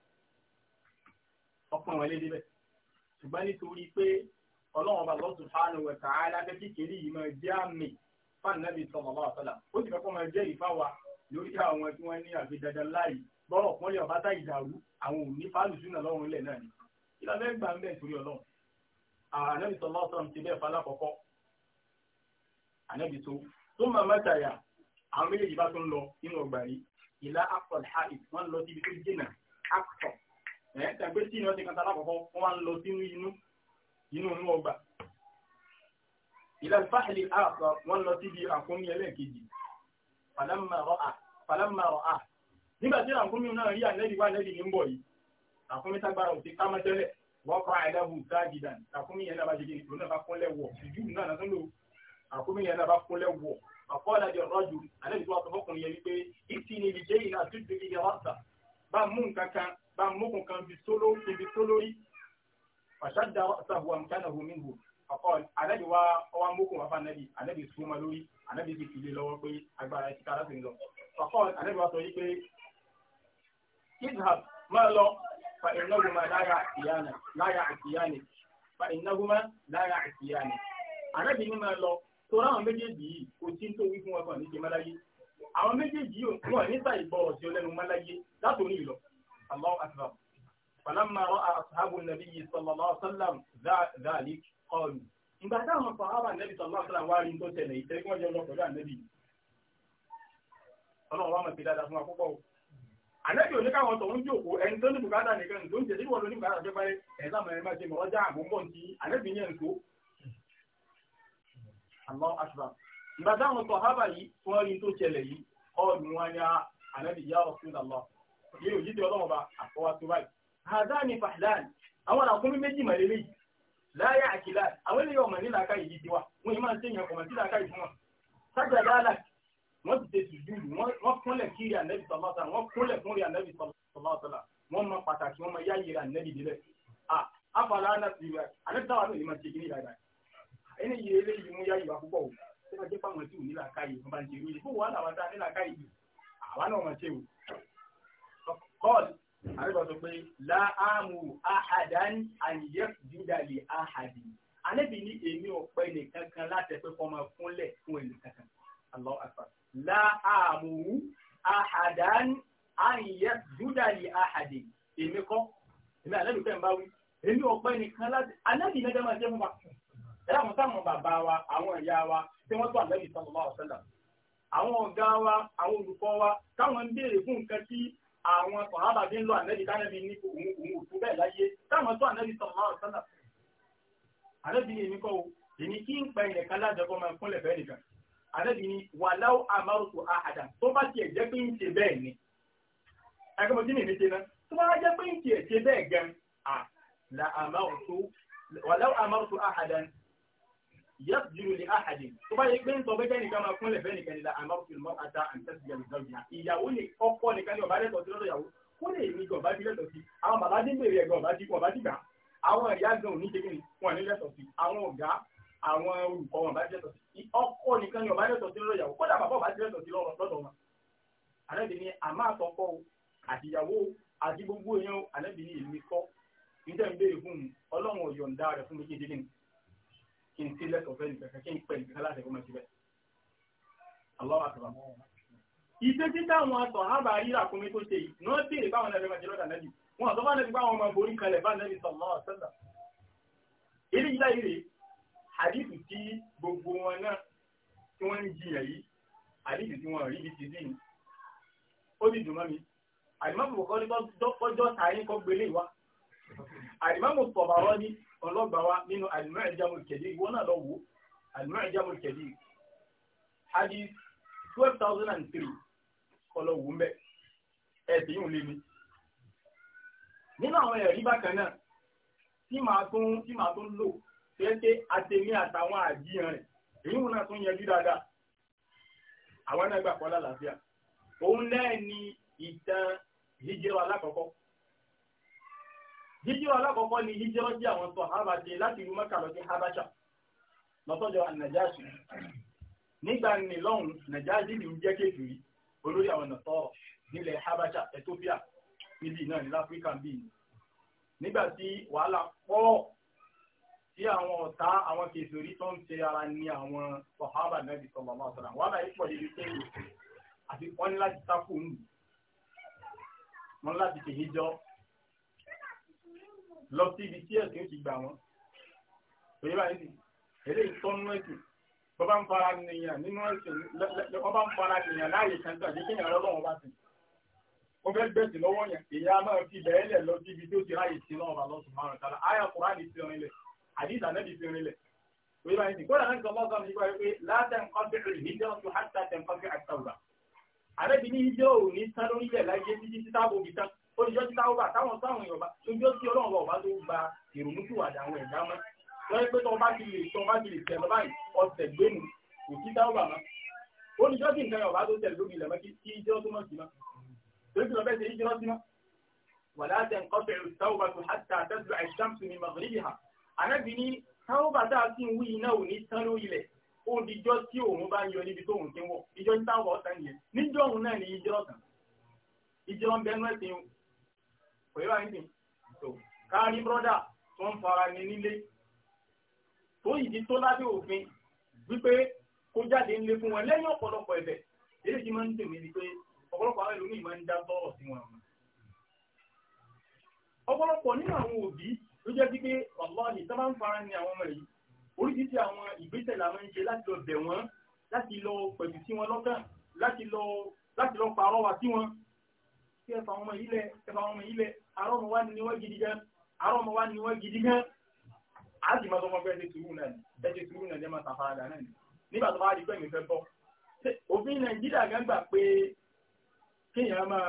ọpọ́n wọn lédè bẹ́ẹ̀ ṣùgbọ́n nítorí pé ọlọ́run bá lọ́sùn fáánù wẹ̀ tààlà bẹ́ẹ̀ kékeré yìí máa jẹ́ àmì fáànù náà bí sọ̀rọ̀ lọ́wọ́ sọ́là ó sì fẹ́ kó máa jẹ́ ìfáwa lórí àwọn tí wọ́n ní àfi dandan láàyè bọ́rọ̀ pọ́nlẹ̀ ọ̀bátá ìdàrú àwọn òní fáàlù sínú ọlọ́run ilẹ̀ náà ni kí la ń bẹ̀ torí ọlọ́run àwọn méjèèjì ẹ̀ tẹ̀gbé tí ìnáwó ti kan tala kọ̀kọ́ wọ́n wá ń lọ sínú inú inú inú ọgbà ìlànà fáìlì àpò wọ́n lọ síbi àkúnmí ẹlẹ́ẹ̀kejì fàlámàrọ̀ à nígbà tí àkúnmí náà rí ànẹ́bí wá ànẹ́bí ní ń bọ̀ yìí àkúnmí tágbára òsì ká mọ́tẹ́lẹ̀ wọ́n kọ́ àìdábù sáàgìdàn àkúnmí yẹn náà bá ṣe kí ìlú náà bá kúnlẹ̀ wọ̀ ìjú náà náà tó lò àkúnmí yẹn náà bá kúnlẹ̀ wọ̀ àkọ́ọ̀lá jẹ rọ́jù ànẹ́bí tó wà sọ fọ́kùnrin yẹn wípé ìtì ni ìjẹ́ ìlà tó bá ń mókun kan ibi tó lórí ibi tó lórí fàṣàdà sàbùwà mùsànà omi hù ọkọ ànábì wa ọwọ́ mókun wà fún ànábì ànábì tó ma lórí ànábì ti fìlè lọ́wọ́ pé agbára ẹ̀ ti kára sí lọ ọkọ ànábì wa sọ yìí pé ishab máa lọ fa ìnáwùmá láyà ìyáni láyà ìyáni fa ìnáwùmá láyà ìyáni ànábì ni máa lọ torí àwọn méjèèjì yìí kò tí ń tó wí fún wọn kan níjẹ máláyé àwọn méjèèjì yìí wọn ní sàìbọ ọ̀sẹ̀ ọlẹ́nu máláyé látòrí ìlọ الله أكبر فلما رأى أصحاب النبي صلى الله عليه وسلم ذلك قالوا إن بعدهم الصحابة النبي صلى الله عليه وسلم وارين توتني يتركون جمع الله النبي ọlọ́run wa mọ̀ sí dáadáa fún wa púpọ̀ òní káwọn tọ̀hún jókòó ẹni tó ní bùkátà nìkan tó ń tẹ̀lé wọn bùkátà tó máa ṣe àgbọ̀ngbọ̀ yẹn ń tó. àmọ́ àṣùbà ìgbà táwọn yìí tó ṣẹlẹ̀ yìí wọn mi ò jíde ọlọ́wọ́ bá àfọwà tó báyìí. hazani fahlan àwọn àkúnmí méjì màlélẹ́ yìí láyé àkìlá àwọn ènìyàn ọmọ nílà ká yìí tiwa wọn yìí máa ń sèyàn kọmọ sílà ká yìí fún wọn. sájà dáadáa wọn ti tètè dùlù wọn kúnlẹ̀ kiri ànẹ́bí sọlọ́tà wọn kúnlẹ̀ kúnlẹ̀ ànẹ́bí sọlọ́tà wọn mọ pàtàkì wọn mọ yáyé ànẹ́bí délẹ̀. àfàlà ànàbí rẹ ànẹ́bí táwọn kọ́ọ̀lù àríwá sọ pé láàmù àhàdán àyẹ̀ dídàlẹ̀ àhàdì ànábì ní èmi ọ̀pẹ nìkan kan láti ẹ̀pẹ́ kọ́ máa fúnlẹ̀ fún ẹnì kankan Allahu akbar láàmù àhàdán àyẹ̀ dídàlẹ̀ àhàdì èmi kọ́ èmi ànábì fẹ́ ń bá wí èmi ọ̀pẹ nìkan láti ànábì nẹ́jọ́ máa jẹ́ fún wa ẹ̀rọ àwọn táwọn bàbá wa àwọn ìyá wa tí wọ́n tó ànábì sallallahu alaihi wasallam àwọn ọ̀gá wa àwọn olùkọ́ wa táwọn ń béèrè fún nǹkan tí àwọn sọ̀hábà bí ń lọ ànẹ́bí tánẹ́bí ní òun òtún bẹ́ẹ̀ láyé táwọn tó ànẹ́bí sọ̀rọ̀ máa sọ́nà ànẹ́bí ní èmi kọ́ o èmi kí ń pẹ́ ilẹ̀ kálájọpọ̀ máa kúnlẹ̀ bẹ́ẹ̀ nìkan ànẹ́bí ní wàláwù amárùkù àhàdà tó bá tiẹ̀ jẹ́ pé ń ṣe bẹ́ẹ̀ ni ẹgbẹ́ tí mi ní ṣe náà tó bá jẹ́ pé ń tiẹ̀ ṣe bẹ́ẹ̀ gan-an wàláwù amárùkù àhàdà yasjudu li ahadin tó bá yẹ pé ń sọ bẹ́ẹ̀ nìkan máa kúnlẹ̀ bẹ́ẹ̀ nìkan nílá àmọ́ fi mọ́ ata àǹtẹ́sìyà lùdọ́gìyà ìyàwó ni kọ́kọ́ nìkan ní ọ̀bá lẹ́tọ̀ sí lọ́dọ̀ ìyàwó kó lè ní gbọ̀n bá ti lẹ́tọ̀ sí àwọn bàbá dín bèrè ẹ̀gbọ́n ọ̀bá ti kú ọ̀bá ti gbà àwọn ìyá gan òní kékeré wọn ní lẹ́tọ̀ sí àwọn ọ̀gá àwọn olùkọ́ wọn bá ti lẹ́tọ̀ sí ọkọ nìkan ní ọ̀bá lẹ́tọ̀ sí lọ́dọ̀ ìyàwó kí n ti lẹ́tọ̀ọ́ fẹ́ nìkan kí n pẹ́ nìkan láti ẹ̀kọ́ máa ṣe bẹ́ẹ̀. Allahu akbar. Ìṣe tí táwọn atọ̀ ábà yíra kúnmi tó ṣe yìí, náà béèrè báwọn ẹ̀rẹ́ máa jẹ lọ́dà nẹ́bì. Wọ́n àtọ́ bá nẹ́bì báwọn ọmọ borí kalẹ̀ bá nẹ́bì sallallahu alaihi wasallam. Ilé yìí láyé rè àdìsù tí gbogbo wọn náà tí wọ́n ń jiyàn yìí, àdìsù tí wọ́n rí bí ti dín. Ó ti dùn mọ́ mi. Àdìmọ́ bùkọ́ kọ́ ní ọlọ́gbàwá nínú Al-Mu'jamul Kabir ìwọ náà lọ wò Al-Mu'jamul Kabir hadith twelve thousand and three ọlọ́wò ń bẹ̀ ẹ̀sìn yìí ò lé mi. nínú àwọn ẹ̀rí bákan náà tí màá tún tí màá tún lò ṣe é ṣe àtẹ̀mí àtàwọn àjíyàn rẹ̀ èyí wọn náà tún yanjú dáadáa àwọn náà gbà kọ́ lálàáfíà òun náà ni ìtàn hijira alákọ̀ọ́kọ́ jíjírọ̀ alákọ̀ọ́kọ́ ni jíjírọ̀ jí àwọn sàhábà jẹ láti ìlú Mẹ́kà lọ sí Habasha lọ́sọ́jọ́ ànàjáṣì nígbà ní lọ́hùn nàjáṣì ni ń jẹ́ kéfìrí olórí àwọn nàtọ́rọ̀ nílẹ̀ Habasha Ethiopia níbi náà ní láfíríkà bíi nígbà tí wàhálà pọ̀ tí àwọn ọ̀tá àwọn kéfìrí tó ń ṣe ara ní àwọn sàhábà Nábì sallallahu alaihi wasallam wàhálà yìí pọ̀ yìí pé àti wọ́n ní láti sáfù ń wọ́n láti ṣèhíjọ́ lọ sí ibi tí ẹ̀sìn ti gbà wọ́n èyí báyìí sì eléyìí tọ́ nínú ẹ̀sìn wọ́n bá ń fara nìyàn nínú ẹ̀sìn wọ́n bá ń fara nìyàn láàyè kan tó àdéhùn ìyàrá ọlọ́run bá ti ó fẹ́ gbẹ̀sì lọ́wọ́ yẹn èyí á máa fi bẹ̀rẹ̀ lẹ̀ lọ sí ibi tó ti ráyè sí náà lọ́sù márùn tààlà àyà kùránì fi rin lẹ̀ àdìsá náà fi rin lẹ̀ wọ́n bá yẹn sì kódà náà sọ́mọ́ sọ́mọ́ nípa pé látẹ̀n kọ́fíìrì níjọ́ tó hàtà tẹ̀ kọ́fíìrì àtàwùrà àrẹ́bí ní ìjọ òní sáré orílẹ̀ láyé títí títàbọ̀ bìtán ó ti jọ́ sí táwọn bá táwọn táwọn èèyàn bá tó jọ́ sí ọlọ́run ọba tó gba ìrònú tó wàdà àwọn ẹ̀dá mọ́ lọ́yẹ́ pé tọ́ bá ti lè tọ́ bá ti lè tẹ̀ lọ́ba yìí ọ̀sẹ̀ gbénu kò sí táwọn bá mọ́ ó ti jọ́ sí nǹkan ọba tó tẹ̀lé lórí ilẹ̀ mọ́ kí ìjọ́ tó mọ̀ sí mọ́ tó ti lọ bẹ́ẹ̀ ṣe ìjọ́ sí mọ́ wàlá tẹ̀ ń kọ́sẹ̀ ìtawọ́bà tó hàtà tẹ́sílẹ̀ àìsàmùsùn ní màgìrìbìhà ànábì ní táwọ́bà tá a sì ń bá ń yọ níbi tóun ti ń wọ̀ ijọ́ kò yẹ báyìí sìn tó kárí brọ́dà tó ń fara ní nílé tó yìí tó lábẹ́ òfin wípé kó jáde ńlé fún wọn lẹ́yìn ọ̀pọ̀lọpọ̀ ẹ̀bẹ̀ èyí tí máa ń tèmi ni pé ọ̀pọ̀lọpọ̀ àwọn ẹlòmíì máa ń dá bọ́ọ̀ sí wọn. ọ̀pọ̀lọpọ̀ nínú àwọn òbí ló jẹ́ wípé ọ̀lọ́ọ̀nì tó máa ń fara ní àwọn ọmọ yìí oríṣiríṣi àwọn ìgbésẹ̀ la máa ń ṣe láti lọ bẹ̀ wọ́n láti lọ pẹ̀lú sí wọn lọ́kàn láti lọ kí ẹfà ọmọ ilẹ̀ ẹfà ọmọ ilẹ̀ àárọ̀ ọmọ wa ni wọ́n gidi gan àárọ̀ ọmọ wa ni wọ́n gidi gan a sì máa tọ́ ọmọ fẹ́ ṣe sùúrù náà ẹ ṣe sùúrù náà ẹ máa tàfàdà náà nígbà tó bá rí pẹ́ mi fẹ́ bọ́ òfin nàìjíríà gan gbà pé kéèyàn máa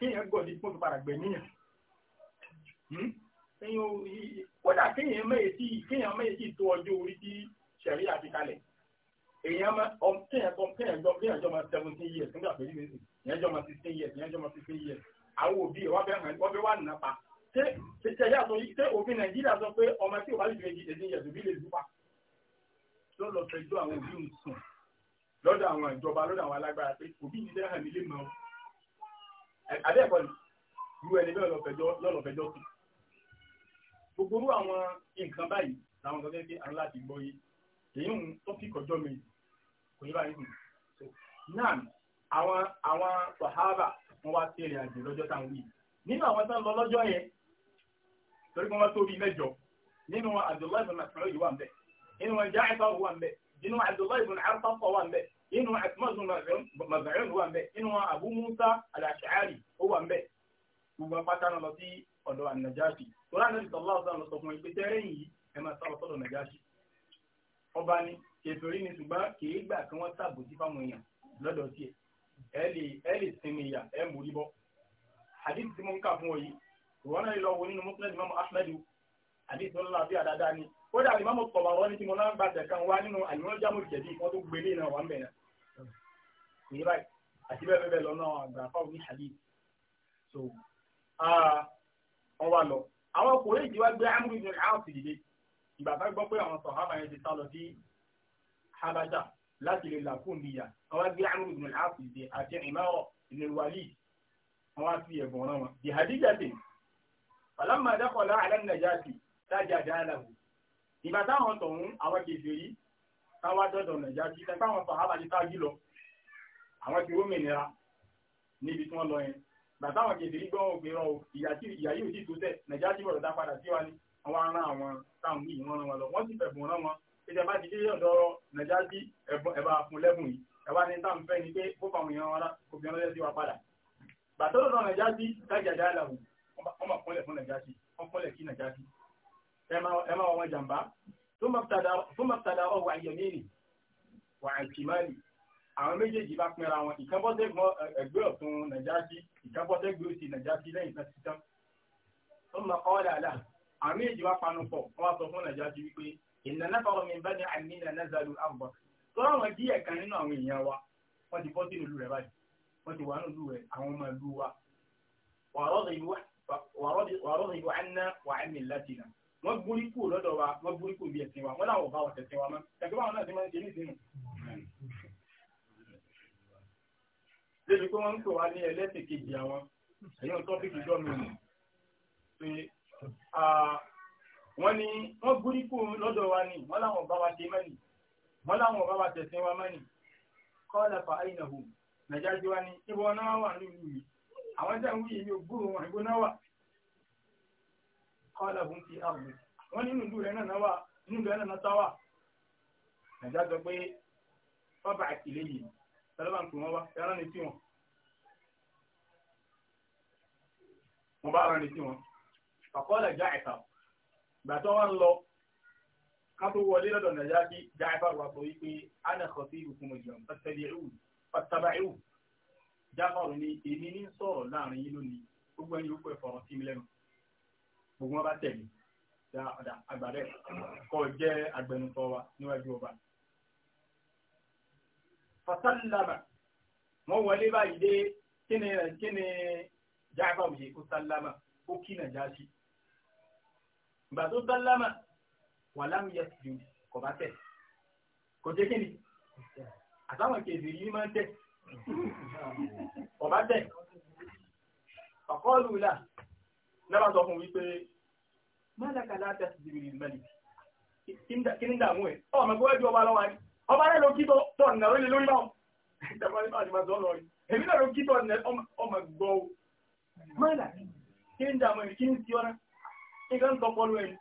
kéèyàn gọ̀dí fún ìpadà gbẹ̀míyàn hmm? kódà kéèyàn mẹ́yẹ tí kéèyàn mẹ́yẹ tí tó ọjọ́ orí tí ṣẹ̀rí àti kalẹ̀ èèyàn máa kéèyàn jọ máa seventeen years nígbà pẹ̀lú ìrẹsì ìyẹn jọmọ sixteen years ìyẹn jọmọ fifteen obi àwọn òbí ẹ̀ wọ́n fẹ́ hàn wọ́n fẹ́ wà nípa ṣé ṣe ṣe yàtọ̀ ṣé òfin nàìjíríà sọ pé ọmọ tí ò bá lè fi eighteen years òbí lè dúpa ló lọ fẹjọ́ àwọn òbí ń sùn lọ́dọ̀ àwọn ìjọba lọ́dọ̀ àwọn alágbára pé òbí mi lẹ́hàn mi lè mọ abẹ́ẹ̀kọ́ ni irú ẹni bẹ́ẹ̀ lọ́lọ́ fẹjọ́ sùn gbogbo irú àwọn nǹkan báyìí làwọn kan fẹ́ fi àwọn láti gbọ́ yìí èyí ń tó fi kọjọ́ mi kò ní báyìí sùn náà àwọn àwọn sàhábà wọn wá sí ìrìn àjò lọ́jọ́ táwọn yìí nínú àwọn tán lọ lọ́jọ́ yẹn torí wọn wá tóbi mẹ́jọ nínú wọn Abdullahi ibn Mas'ud yìí wà ń bẹ nínú wọn Ja'far wà ń nínú wọn Abdullahi ibn Artaq wà ń nínú wọn Uthman ibn Maz'un wà ń nínú wọn Abu Musa ó wà gbogbo náà lọ sí lọ ẹ lè sinmi ìyà ẹ mórí bọ́ hadith tí mo ń kà fún ọ yìí ìwọ náà lọ wo nínú muslim imam ahmed hadith tó ń lọ àbí àdáadáa ni kódà imam tọ̀bàrọ̀ ní tí mo náà gbà tẹ̀kan wá nínú àlùmọ́ jámù jẹ̀bi wọn tó gbélé náà wà ń bẹ̀rẹ̀ ní báyìí àti bẹ́ẹ̀ bẹ́ẹ̀ lọ́nà àgbà fáwọn ní hadith so wọ́n wá lọ àwọn ọkùnrin ìdí wá gbé amúrí ní àwọn sì dìde ìgbà tá gbọ́ pé àwọn sọ̀hábà yẹn ti sá lọ sí habasha láti lè là fún níyà àwọn agbé amúlù ibn al-As ìdè àti ìmárọ̀ ibn al-Walid àwọn afi ẹ̀bùn ọ̀ràn wọn. bí hadijatin falamma dakhala ala an-Najati sajada lahu ìgbà táwọn tọ̀hún àwọn kèfèrí táwọn adọ́dọ̀ Nàjàtì táwọn sàhábà ti sáájú lọ àwọn ti rómìnira níbi tí wọ́n lọ yẹn bàtà àwọn kèfèrí gbọ́ ògbé rọ ìyá yìí ò sì tó tẹ̀ Nàjàtì bọ̀dọ̀ dá padà sí àwọn ará àwọn táwọn ìjọba ti dé ọ̀dọ̀ nàìjíríà sí ẹ̀bà fún lẹ́bùn yìí ẹ̀wá ní tá à ń fẹ́ ni pé kó fa àwọn èèyàn wọn obìnrin ọlọ́yẹ sí wa padà bàtọ́ lọ́dọ̀ nàìjíríà sí kájà dá ìlà wò wọ́n máa kúnlẹ̀ fún nàìjíríà sí wọ́n kúnlẹ̀ kí nàìjíríà sí ẹ máa wọn jàǹbá fún mọ̀tàdà ọ̀wọ̀ àyẹ̀mẹ́rì wà àìsìmáàlì àwọn méjèèjì bá máa kọ́ àwọn méjèèjì wá panu pọ̀ wọ́n wá sọ ìnana fọwọ́ mi bá ní àmì ìnana zalu àbọ̀ tọ́lá wọn díẹ̀ kan nínú àwọn èèyàn wa wọ́n ti bọ́ sínú ìlú rẹ̀ báyìí wọ́n ti wà nínú ìlú rẹ̀ àwọn ọmọ ìlú wa wàrọ́ ìlú àná wà á mi látinà wọ́n gbórí kú lọ́dọ̀ wa wọ́n gbórí kú bí ẹ̀sìn wa wọ́n láwọn bá ọ̀sẹ̀ sìn wa mọ́ ẹ̀gbọ́n àwọn náà ti máa ń ṣe ní ìsinmi wọ́n ní wọ́n gúrí kù lọ́dọ̀ wa ni wọ́n láwọn bá wa ṣe mẹ́ni wọ́n láwọn bá wa tẹ̀sìn wa mẹ́ni kọ́lá fa àyìnà hù nàìjíríà wa ni ibo náà wà nílùú yìí àwọn tẹ̀ ń wí gbúrò wọn ibo náà wà kọ́lá hùn fi àrùn wọ́n ní nùdú rẹ̀ náà wà nùdú rẹ̀ náà táwà nàìjíríà sọ pé wọ́n bá yìí sọlọ́bà ń pè wá ẹ̀rọ ni tí wọn. mo bá ara ni tí wọn. kàkọ́lá já ẹ̀ka gbà tó wà ń lọ ká tó wọlé lọ́dọ̀ Nàjáṣì Ja'far wà sọ wípé ana khatibukum al-yawm fattabi'un fattabi'un Ja'far ni èmi ní sọ̀rọ̀ láàrin yín lónìí gbogbo ẹni yóò kọ́ ẹ̀fọ́rọ̀ sí mi lẹ́nu gbogbo wọn bá tẹ̀lé dáadáa àgbàdẹ kọ jẹ́ agbẹnusọ wa níwájú ọba. fasalama wọn wọlé báyìí dé kíni kíni Ja'far òye kó ó kí Nàjáṣì ìgbà tó sálámà wà láwùjẹ ju kò bá tẹ̀ kò jẹ́ kí ni àtàwọn kejì yìí máa ń tẹ̀ kò bá tẹ̀ ọ̀kọ́ọ̀lù là lọ́ba sọ fún wípé mọ́láka láti àtìsíbi ìlú mẹ́lì kí ní dààmú ẹ̀ ọmọ ẹgbẹ́ ju ọba lọ́wọ́ ni ọba rẹ̀ ló kí tó tọ̀ nà ó lè lórí báwọn ìjọba nípa àti màtọ́ lọ rí èmi náà ló kí tọ̀ nà ọmọ gbọ́ ọ mọ́lá kí ní dààmú ẹ̀ kí ní ti ọ́nà nǹkan ń tọpọ lóyún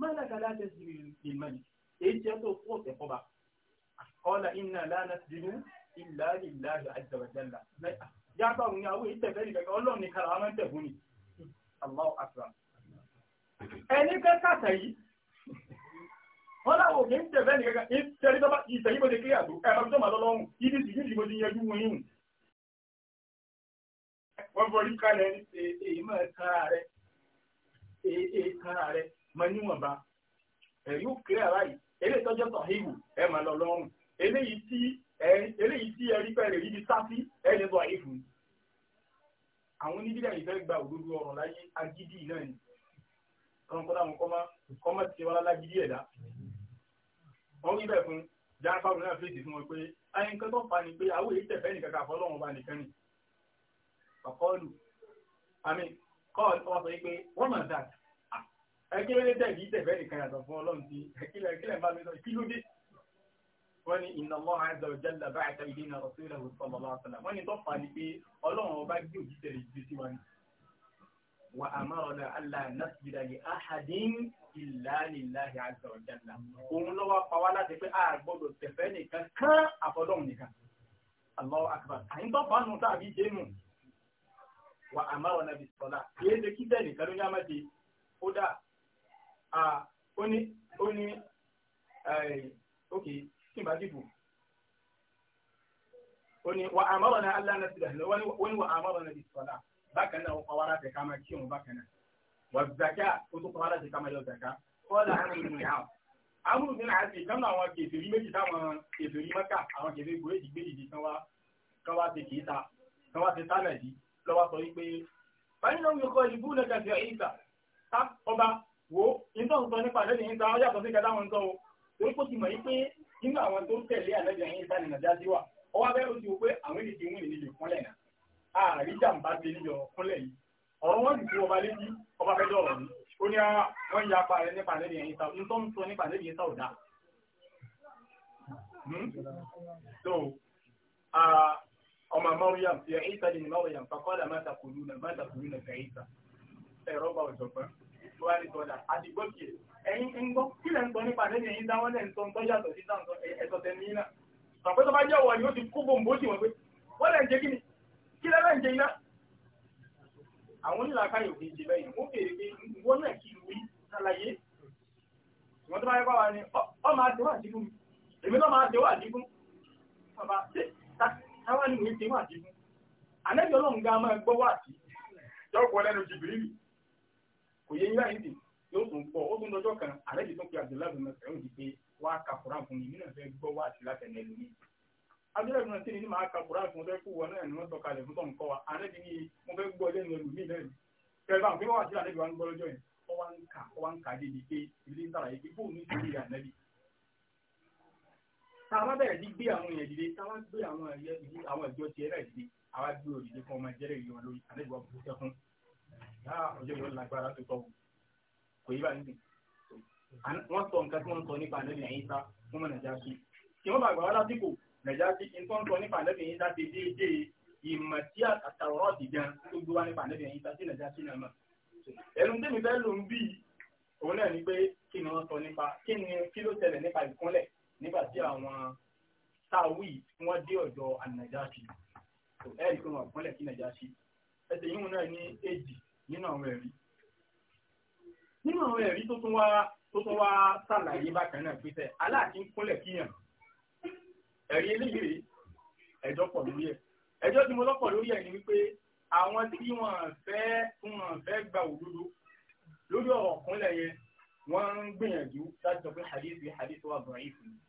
máa lákàlá tẹ sí ìmọ̀lì èyí tí a tó fún ọ̀sẹ̀ fọba ọ̀la iná lánà sínú ìlà ìlà azza wa jalla yàtọ̀ àwọn ìyàwó ìtẹ̀fẹ́ nìkan ọlọ́run ní kàrà máa ń tẹ̀ ni Allahu akbar ẹni fẹ́ kàtà yìí wọ́n láwọn òkè ń tẹ̀fẹ́ nìkan ìtẹ̀rí tọ́ba ìtẹ̀yí bó ti kílíà tó èyí máa kan ààrẹ ee kára rẹ mọ níwọ̀nba ẹ̀rí òkè ara yìí eléyìí tọ́jọ́ tọ̀ híwù ẹ mà lọ lọ́rùn eléyìí tí eléyìí tí ẹ rí pẹ̀lú yìí sáfì ẹ lè bọ̀ àyè fún un. àwọn onídìrí ìfẹ́ gba òdodo ọ̀rọ̀ láyé agídí náà ni kọ́ńkọ́dá àwọn kọ́má kọ́má ti wá lágídí ẹ̀dá. wọ́n rí bẹ́ẹ̀ fún jáfáàrù náà fèsì fún wọn pé ayé nǹkan tó fa ni pé àwọn èyí tẹ̀fẹ́ nìkan kà fọ́ lọ́wọ́n ba nìkan ni. ọ̀kọ́ọ̀lù àmín kọ́ọ̀lù ọwọ́ sọ pé wọ́n mọ̀ dà ẹ kí ló dé tẹ̀lé tẹ̀fẹ́ nìkan yàtọ̀ fún ọlọ́run ti kílẹ̀ bá mi sọ kí ló wọ́n ní inna Allah azza wa jalla ba'atha ilayna rasulahu sallallahu alaihi wasallam wọ́n ní tó fà ní pé ọlọ́run ọba gbé òjíṣẹ́ rẹ̀ ju sí wa ni. wa amarna alla nasjuda li ahadin illa lillahi azza wa jalla. òun ló wá pa wá láti pé a tẹ̀fẹ́ nìkan kán wà àmàrà nàbì sọlá kìí ṣe kí bẹ́ẹ̀ nìkan ló ní àmàdé ó dà ó ní ó ní ok kí n bá dìbò ó ní wà àmàrà nà allah nàbì sọlá ó ní wà àmàrà nàbì sọlá bákan náà ọkọ wàrà tẹ ká máa kí òun bákan náà wà zaka ó tó kọ wàrà tẹ ká máa yọ zaka kọ́lá àwọn ènìyàn àwọn òbí náà àti ìkànnì àwọn kèfèrí méjì táwọn kèfèrí mẹ́kà àwọn kèfèrí gbòógì gbèdìdì kan wá kan wá ti kìí ta kan wá ti tánà yìí lọ́wọ́ sọ wípé báyìí náà yóò kọ́ ìbú lẹ́ka sí ìta tá ọba wo nítorí wọn sọ nípa àlẹ́dẹ̀ ìta ọjà sọ sí kẹta wọn sọ o torí kó ti mọ̀ yí pé nínú àwọn tó ń tẹ̀lé àlẹ́dẹ̀ ìta ní nàjà sí wa ọwọ́ abẹ́rẹ́ ó ti wò pé àwọn èdè ti mú ìlú ìlú kúnlẹ̀ náà àárí jàǹbá ti níbi ọ̀rọ̀ kúnlẹ̀ yìí ọ̀rọ̀ wọn sì ti wọba létí ọba fẹ́ dọ̀rọ̀ ni ó ní wọ́n ya apá rẹ nípa àlẹ́dẹ̀ ìta nítorí wọn sọ nípa àlẹ́dẹ̀ ìta ò dáa. Hmm? ọmọ Maryam fi Isa ní Maryam faqala ma taquluna ma taquluna fi Isa ẹ̀rọ bá ọ̀jọ̀gbọ́n tó wá ní sọ́dà àti gbọ́kì ẹ̀yìn ń gbọ́ kí lẹ́ ń gbọ́ nípa lẹ́yìn ẹ̀yìn dáwọ́ lẹ́ ń sọ ń tọ́jàtọ̀ sí sáǹsọ ẹ̀sọ̀ tẹ̀mí náà sọ̀pẹ́ tó bá jẹ́ wọ̀ ni ó ti kú bòǹbò sí wọn pé wọ́n lẹ́ ń jẹ́ kíni kí lẹ́ ń jẹ́ iná. àwọn onílàáká yóò fi jẹ bẹ́yìn wọ́n fèrè pé wọ́n náà kì í wí sàlàyé ìwọ́n tó bá táwọn ẹni mi ti wà dínú àlẹ́jọ́ lọ́n ga máa gbọ́ wà sí jọ́pọ̀ lẹ́nu jìbìrìlì kò yẹ yíra yìí yóò kan àlẹ́jọ́ tó pe àdúrà bìnrin ti pe fún mi nínú ẹ̀fẹ́ gbọ́ kura fún kú wọn náà wọ́n fún wa àlẹ́jọ́ ni mo fẹ́ gbọ́ lẹ́nu ẹlòmí lẹ́nu tá a bá bẹ̀rẹ̀ sí gbé àwọn èèyàn dìde tá a bá gbé àwọn ìjọ tiẹ̀ náà dìde àwa gbé òdìdí fún ọmọ jẹ́rẹ̀ ìlú olórí àlejò àbúrò sẹ́kún yáà ọjọ́ ìwọ́n lágbára tó tọ́ kò yí bá nínú wọ́n sọ nǹkan tí wọ́n sọ nípa àlejò ẹ̀yìn sá fún ọmọ nàìjíríà sí kí wọ́n bá gbà wá lásìkò nàìjíríà sí nǹkan sọ nípa àlejò ẹ̀yìn sá ti déédéé ìmọ̀ tí àtàrọ̀ ti gan tó gbé wá nípa àlejò ẹ̀yìn sá sí nàìjíríà sí náà mọ̀ ẹnu tẹ́mi fẹ́ lò ń bí òun náà ni pé kí ni wọ́n sọ nígbà tí àwọn sáwì wọ́n dé ọ̀dọ̀ ànàjáṣì tó ẹ̀rí kó wọn pọ́nlẹ̀ kí nàjáṣì ẹsẹ̀ yìí wọn náà ní èjì nínú àwọn ẹ̀rí nínú àwọn ẹ̀rí tó tún wá tó tún wá sàlàyé bákan náà pé sẹ́ aláàtí ń kúnlẹ̀ kíyàn ẹ̀rí eléyìí ẹjọ́ pọ̀ lórí ẹ̀ ẹjọ́ tí mo lọ́pọ̀ lórí ẹ̀ ni wípé àwọn tí wọ́n fẹ́ wọ́n fẹ́ gba òdodo lórí ọ̀rọ̀ kúnlẹ̀ yẹn wọ́n ń gbìyànjú láti sọ pé hadith bíi hadith wà bọ̀ ẹ̀yìn fún mi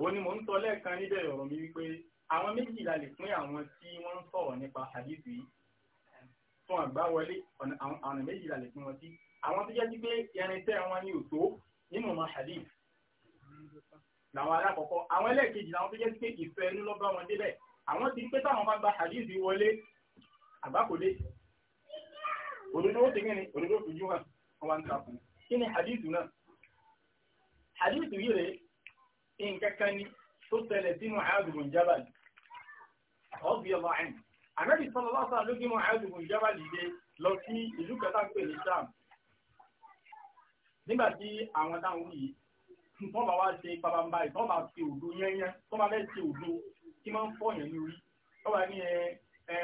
òun ni mò ń sọ lẹ́ẹ̀kan níbẹ̀ ọ̀rọ̀ mi wípé àwọn méjìlá lè pín àwọn tí wọ́n ń sọ̀rọ̀ nípa hadith yìí fún àgbáwọlé ọ̀nà méjìlá lè pín wọn sí àwọn tó jẹ́ sí pé irinṣẹ́ wọn ni ò tó nínú ọmọ hadith làwọn alákọ̀ọ́kọ́ àwọn ẹlẹ́ẹ̀kejì làwọn tó jẹ́ sí pé ìfẹ́ inú ló bá wọn débẹ̀ àwọn ti ń pé táwọn bá gba hadith wọlé àgbákòlé òdodo ti gbìn ní òdodo ó yí wọn wọn wá ń takùn kí ni hadith náà hadith yìí rèé in kan ni tó tẹ̀lẹ̀ sí Mu'adh bin Jabal radiyallahu anhu ànábì sallallahu alaihi wasallam ló Jabal lọ si ìlú kẹta pè ní nígbà tí àwọn táwọn yìí bá wá ṣe pabamba ìtọ́ bá ṣe òdo yẹ́nyẹ́ tó bá bẹ́ẹ̀ ṣe òdo tí máa ń fọyàn ní orí tó bá ní ẹ ẹ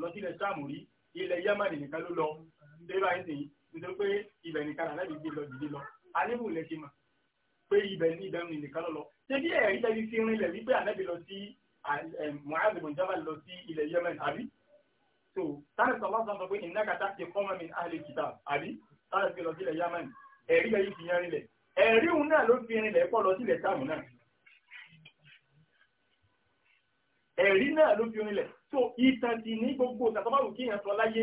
lọ sílẹ̀ rí ilẹ̀ nìkan ló lọ nítorí pé ibẹ̀ nìkan gbé lọ dìde lọ pé ibẹ̀ ní ibẹ̀ ní nìkan lọ́lọ́ ṣé bí ẹ̀rí lẹ́bi fi rinlẹ̀ wípé ànábì lọ sí Mu'adh ibn lọ sí ilẹ̀ Yemen àbí so tani sọlá sọ sọ pé innaka ta'ti qawman min ahli kitab àbí tani fi sí ilẹ̀ Yemen ẹ̀rí lẹ́bi fi yẹn rinlẹ̀ ẹ̀rí òun náà ló fi rinlẹ̀ pọ̀ lọ sí ilẹ̀ táàmù náà ẹ̀rí náà ló fi rinlẹ̀ so ìtàn ti ní gbogbo ìtàkọ́báwò kí yẹn sọ láyé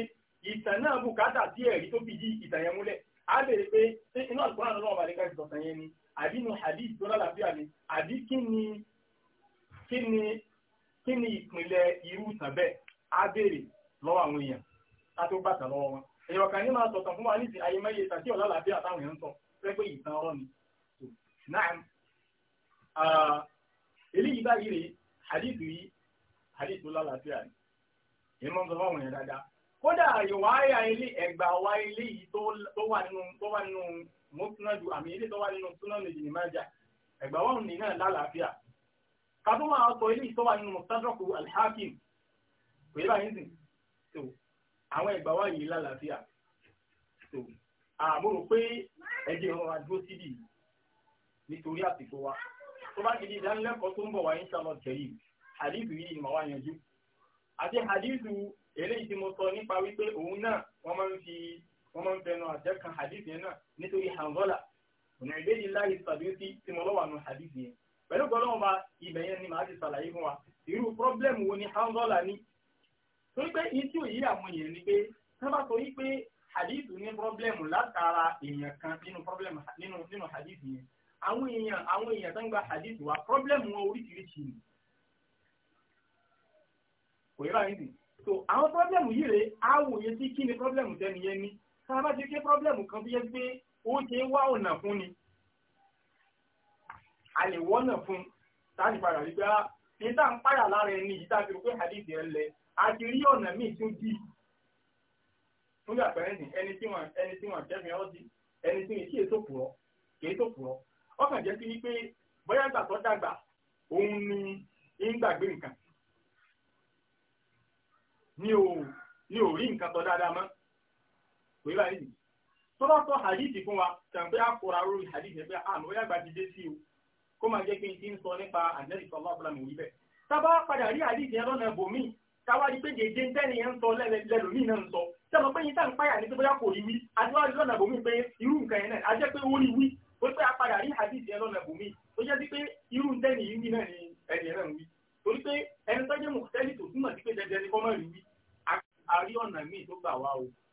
ìtàn náà bùkátà sí ẹ̀rí tó fi di ìtàn yẹn múlẹ̀ á bèrè àbí nu hadith tó lálàáfíà ni àbí kí ni kí ni kí ni ìpìlẹ̀ irú ìtàn bẹ́ẹ̀ á béèrè lọ́wọ́ àwọn èèyàn ká tó bàtà lọ́wọ́ wọn èèyàn kan ní máa sọ̀tàn fún wa ní ti ayémẹ́yẹ ìtàn tí ọ̀la làbíà táwọn èèyàn ń sọ pẹ́pẹ́ ìtàn ọ̀rọ̀ ni. Naam eléyìí báyìí rèé hadithu yìí hadithu lálàáfíà ni èèyàn máa ń sọ fún àwọn èèyàn dáadáa kódà mọ́túnájú àmì ilé tó wà nínú súnánù ìdìní májà ẹ̀gbà wọn ní náà lálàáfíà kátó máa sọ ilé tó wà nínú mọ́tàdọ́kù alhakim kò yẹ báyìí sìn tó àwọn ẹ̀gbà wà yìí lálàáfíà tó àmúrò pé ẹ̀jẹ̀ ìrora dúró síbì nítorí àsìkò wa tó bá ti di tó ń bọ̀ wá ní sàlọ̀ jẹ̀yì hadithu yìí ni màá wá yanjú àti hadithu eléyìí tí mo sọ nípa wípé òun náà wọ́n máa ń fi wọ́n máa ń bẹnu àjẹ́ kan hadith yẹn náà nítorí hanzola ọ̀nà ìbéèrè láyé sàbíyútì tí mo lọ́wọ́ àánú hadith yẹn pẹ̀lú gbọ́dọ̀ wa ibẹ̀ yẹn ni màá ti ṣàlàyé fún wa irú pọ́blẹ́mù wo ni hanzola ní. torí pé iṣu yìí àwọn èèyàn ni pé tí wọ́n bá sọ wípé hadith ní pọ́blẹ́mù látara èèyàn kan nínú pọ́blẹ́mù nínú hadith yẹn àwọn èèyàn àwọn èèyàn tó ń gba hadith wa pọ́blẹ́mù wọn oríṣiríṣi ni kò yẹ báyìí so àwọn pọ́blẹ́mù yìí rèé àwòye sí kí ni pọ́blẹ́mù tẹ́niyẹn ní tá a bá ti pọ́blẹ́mù kan bí yẹ pé ó ṣe ń wá ọ̀nà ni a lè wọ́nà fún táàlì padà wípé á ah, ní tá à ń lára ẹni yìí pé a ti rí ọ̀nà míì tó dì fún àpẹẹrẹ ní ẹni tí wọn ẹni tí wọn kẹfìn ọdí ẹni tí kì í tó pùrọ́ kì í ni ń gbàgbé nǹkan ni ò ní ò nǹkan tó kò yẹ báyìí tó bá sọ hadith fún wa tàbí àkóra lórí hadith yẹn pé àmì ó yàgbà ti dé sí o kó máa jẹ́ kí n ti ń sọ nípa àdínẹ́rì sọ ọlọ́ọ̀bùlà mi wí bẹ́ẹ̀ tábà padà rí hadith yẹn lọ́nà ẹ̀bùnmí táwa rí pé jẹjẹ ntẹ́ni yẹn ń sọ lẹ́lòmíì náà ń sọ sẹ́wọ̀n pé yín tá ń páyà ní bóyá kò rí wí àdúrà rí lọ́nà ẹ̀bùnmí pé irú nǹkan yẹn náà á jẹ́ pé ó rí wí ó pé apadà rí hadith yẹn lọ́nà ẹ̀bùnmí ó jẹ́ sí pé irú ntẹ́ni yìí wí náà ni ẹni náà ń wí torí pé ẹni tó jẹ́ mọ̀tẹ́lì tó túmọ̀ sí pé jẹjẹ ni kọ́mọ̀ rí wí àrí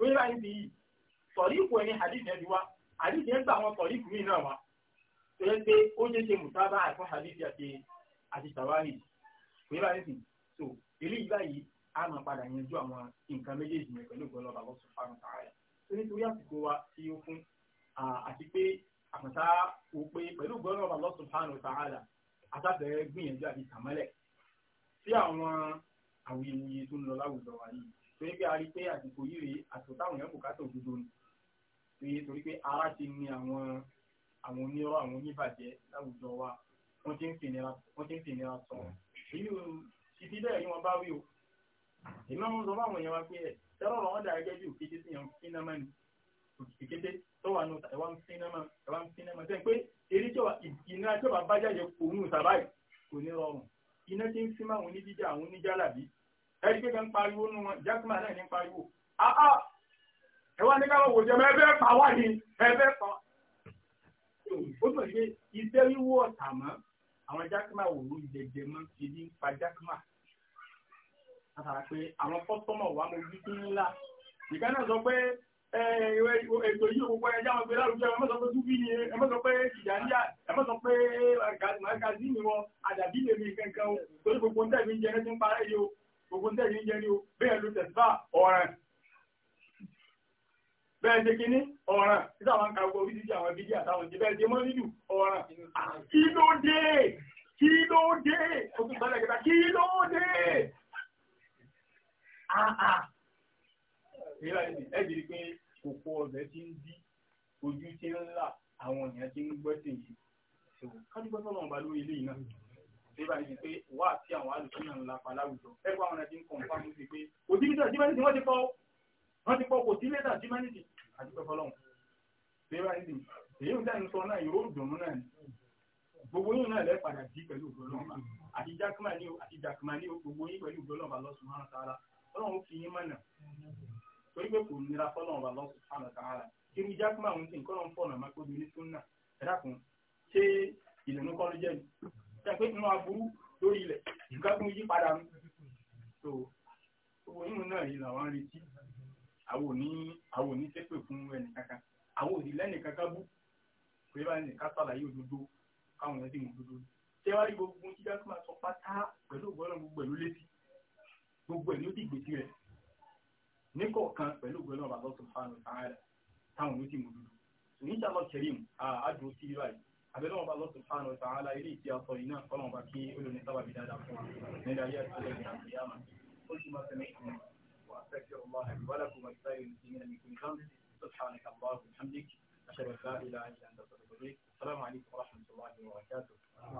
lórí báyìí ti yìí tọ̀ríkù ẹni hadith ẹni wa hadith yẹn gbà àwọn tọ̀ríkù mí náà wá tó yẹ pé ó ṣe ṣe mùtábà àìfún hadith àti àti sàwárì lórí báyìí ti so eléyìí báyìí a máa padà yanjú àwọn nǹkan méjèèjì yẹn pẹ̀lú ìgbọ́lọ́ba lọ́sùn fáwọn tààrà tó nítorí àsìkò wa tí ó fún àti pé àpàtà wò pé pẹ̀lú ìgbọ́lọ́ba lọ́sùn fáwọn tààrà àtàbẹ̀rẹ̀ gbìyànjú àti tàmọ́lẹ̀ sí àwọn àwuyewuye tó ń lọ láwùjọ wa yìí torí pé a rí pé àsìkò yìí rèé àsìkò táwọn èèyàn kò kátó òdodo ni torí pé ara ti ní àwọn àwọn onírọ́ àwọn oníbàjẹ́ láwùjọ wa wọ́n ti ń fìnira wọ́n ti ń fìnira sọ èyí ò ti fi bẹ́ẹ̀ ni wọ́n bá wí o èmi àwọn sọ fáwọn èèyàn wa pé ẹ tẹ́rọ̀ lọ́wọ́ dà gẹ́gẹ́ bí òkété sí yàn fínámà ni òkété tó wà nù ẹ̀wà ń fínámà ẹ̀wà ń fínámà sẹ́yìn pé eré tí ìnira tí ó bá jáde kò ń kò ní rọrùn iná ti ń fín máwọn onídíjà àwọn oníjàlábí ẹni pé kan pariwo nù wọn jákèmá náà ní pariwo àá ẹ wá ní ká wọ jẹ ẹ bẹ pa wá ní ẹ bẹ pa ó sọ pé iṣẹ́ wíwọ ọ̀tà mọ́ àwọn jákèmá wò ló jẹjẹ mọ́ ibi ń pa jákèmá látara pé àwọn kọ́sọ́mọ̀ wà mọ́ ojú tó ńlá ìkan náà sọ pé ètò yìí òkú pẹ́ ẹjá wọn pé lárugẹ ẹ mọ́sọ pé dúbí ni ẹ mọ́sọ pé ìjàndíà ẹ mọ́sọ pé magazine wọn àdàbí lèmi kankan o torí gbogbo ń tẹ̀mí jẹ́ ẹ ti ń parẹ́ yìí o gbogbo ntẹ́ yìí ń jẹ́ ní o bẹ́ẹ̀ ló tẹ̀síbà ọ̀ràn bẹ́ẹ̀ ṣe kínní ọ̀ràn títà wọn ka gbogbo oríṣiríṣi àwọn bídí àtàwọn jẹ bẹ́ẹ̀ ṣe mọ́ nílù ọ̀ràn kí ló dé kí ló dé oṣù gbọ́dọ̀ kẹta kí ló dé ẹ jìrì pé kòkó ọ̀bẹ ti ń dí ojú ti ń là àwọn èèyàn ti ń gbẹ́sẹ̀ yìí kájú gbọ́dọ̀ náà bá lórí ilé yìí náà síbà yìí pé wà á ti àwọn alùpùpù náà ńlá pa láwùjọ ẹgbẹ́ àwọn ẹ̀dín kan fún mi pé kò sí lẹ́tà símẹ́ǹtì wọ́n ti pọ̀ wọ́n ti pọ̀ kò sí lẹ́tà símẹ́ǹtì àti pẹ́ fọlọ́hún síbà yìí èyí ń dáhùn sọ náà ìró ìdùnnú náà ni gbogbo yìí náà lẹ́ padà dí pẹ̀lú ògbólọ́ọ̀bà àti jákèmánì àti jákèmánì gbogbo yìí pẹ̀lú ògbólọ́ọ̀bà lọ́sùn márùn-ún sára ọlọ́run fi yín mọ̀nà torí pé kò nira fọlọ́run bá lọ́sùn márùn-ún sára irú jákèmánì ti nǹkan náà ń fọ̀nà máa kó ṣàpé inú aburú lórí ilẹ̀ nǹkan tó ń yí padà nù so owó inú náà yìí làwọn ń retí àwọn òní àwọn òní ṣépè fún ẹnì kankan àwọn òní lẹ́nì kankan bú pé báyìí nìkan sàlàyé òdodo káwọn ẹni tí mo dúdú ṣé wàá rí gbogbo tí jákèmá sọ pátá pẹ̀lú ògbọ́nà gbogbo ẹ̀ ló létí gbogbo ẹ̀ ló ti gbèsè rẹ̀ níkọ̀ọ̀kan pẹ̀lú ògbọ́nà bàbá sọ̀rọ̀ fáwọn ọ̀tá rẹ̀ táwọn ẹni tí mo dúdú ní sàlọ̀ kẹrin àádùn sí ibà yìí àbẹ́lẹ́ ọba lọ́sùn fáànù ọ̀tà àlà ilé ìtì àtọ̀ iná kọ́lọ̀n bá kí olóní sábà bí dáadáa fún wa nílẹ̀ ayé àti ilẹ̀ ìgbà àti yàmà ó sì máa tẹ̀lé ìkùn wà sẹ́kẹ̀ ọba àbíwálàkùn wà sáyé ní ti nílẹ̀ ìkùn kan سبحانك اللهم وبحمدك أشهد أن لا إله إلا أنت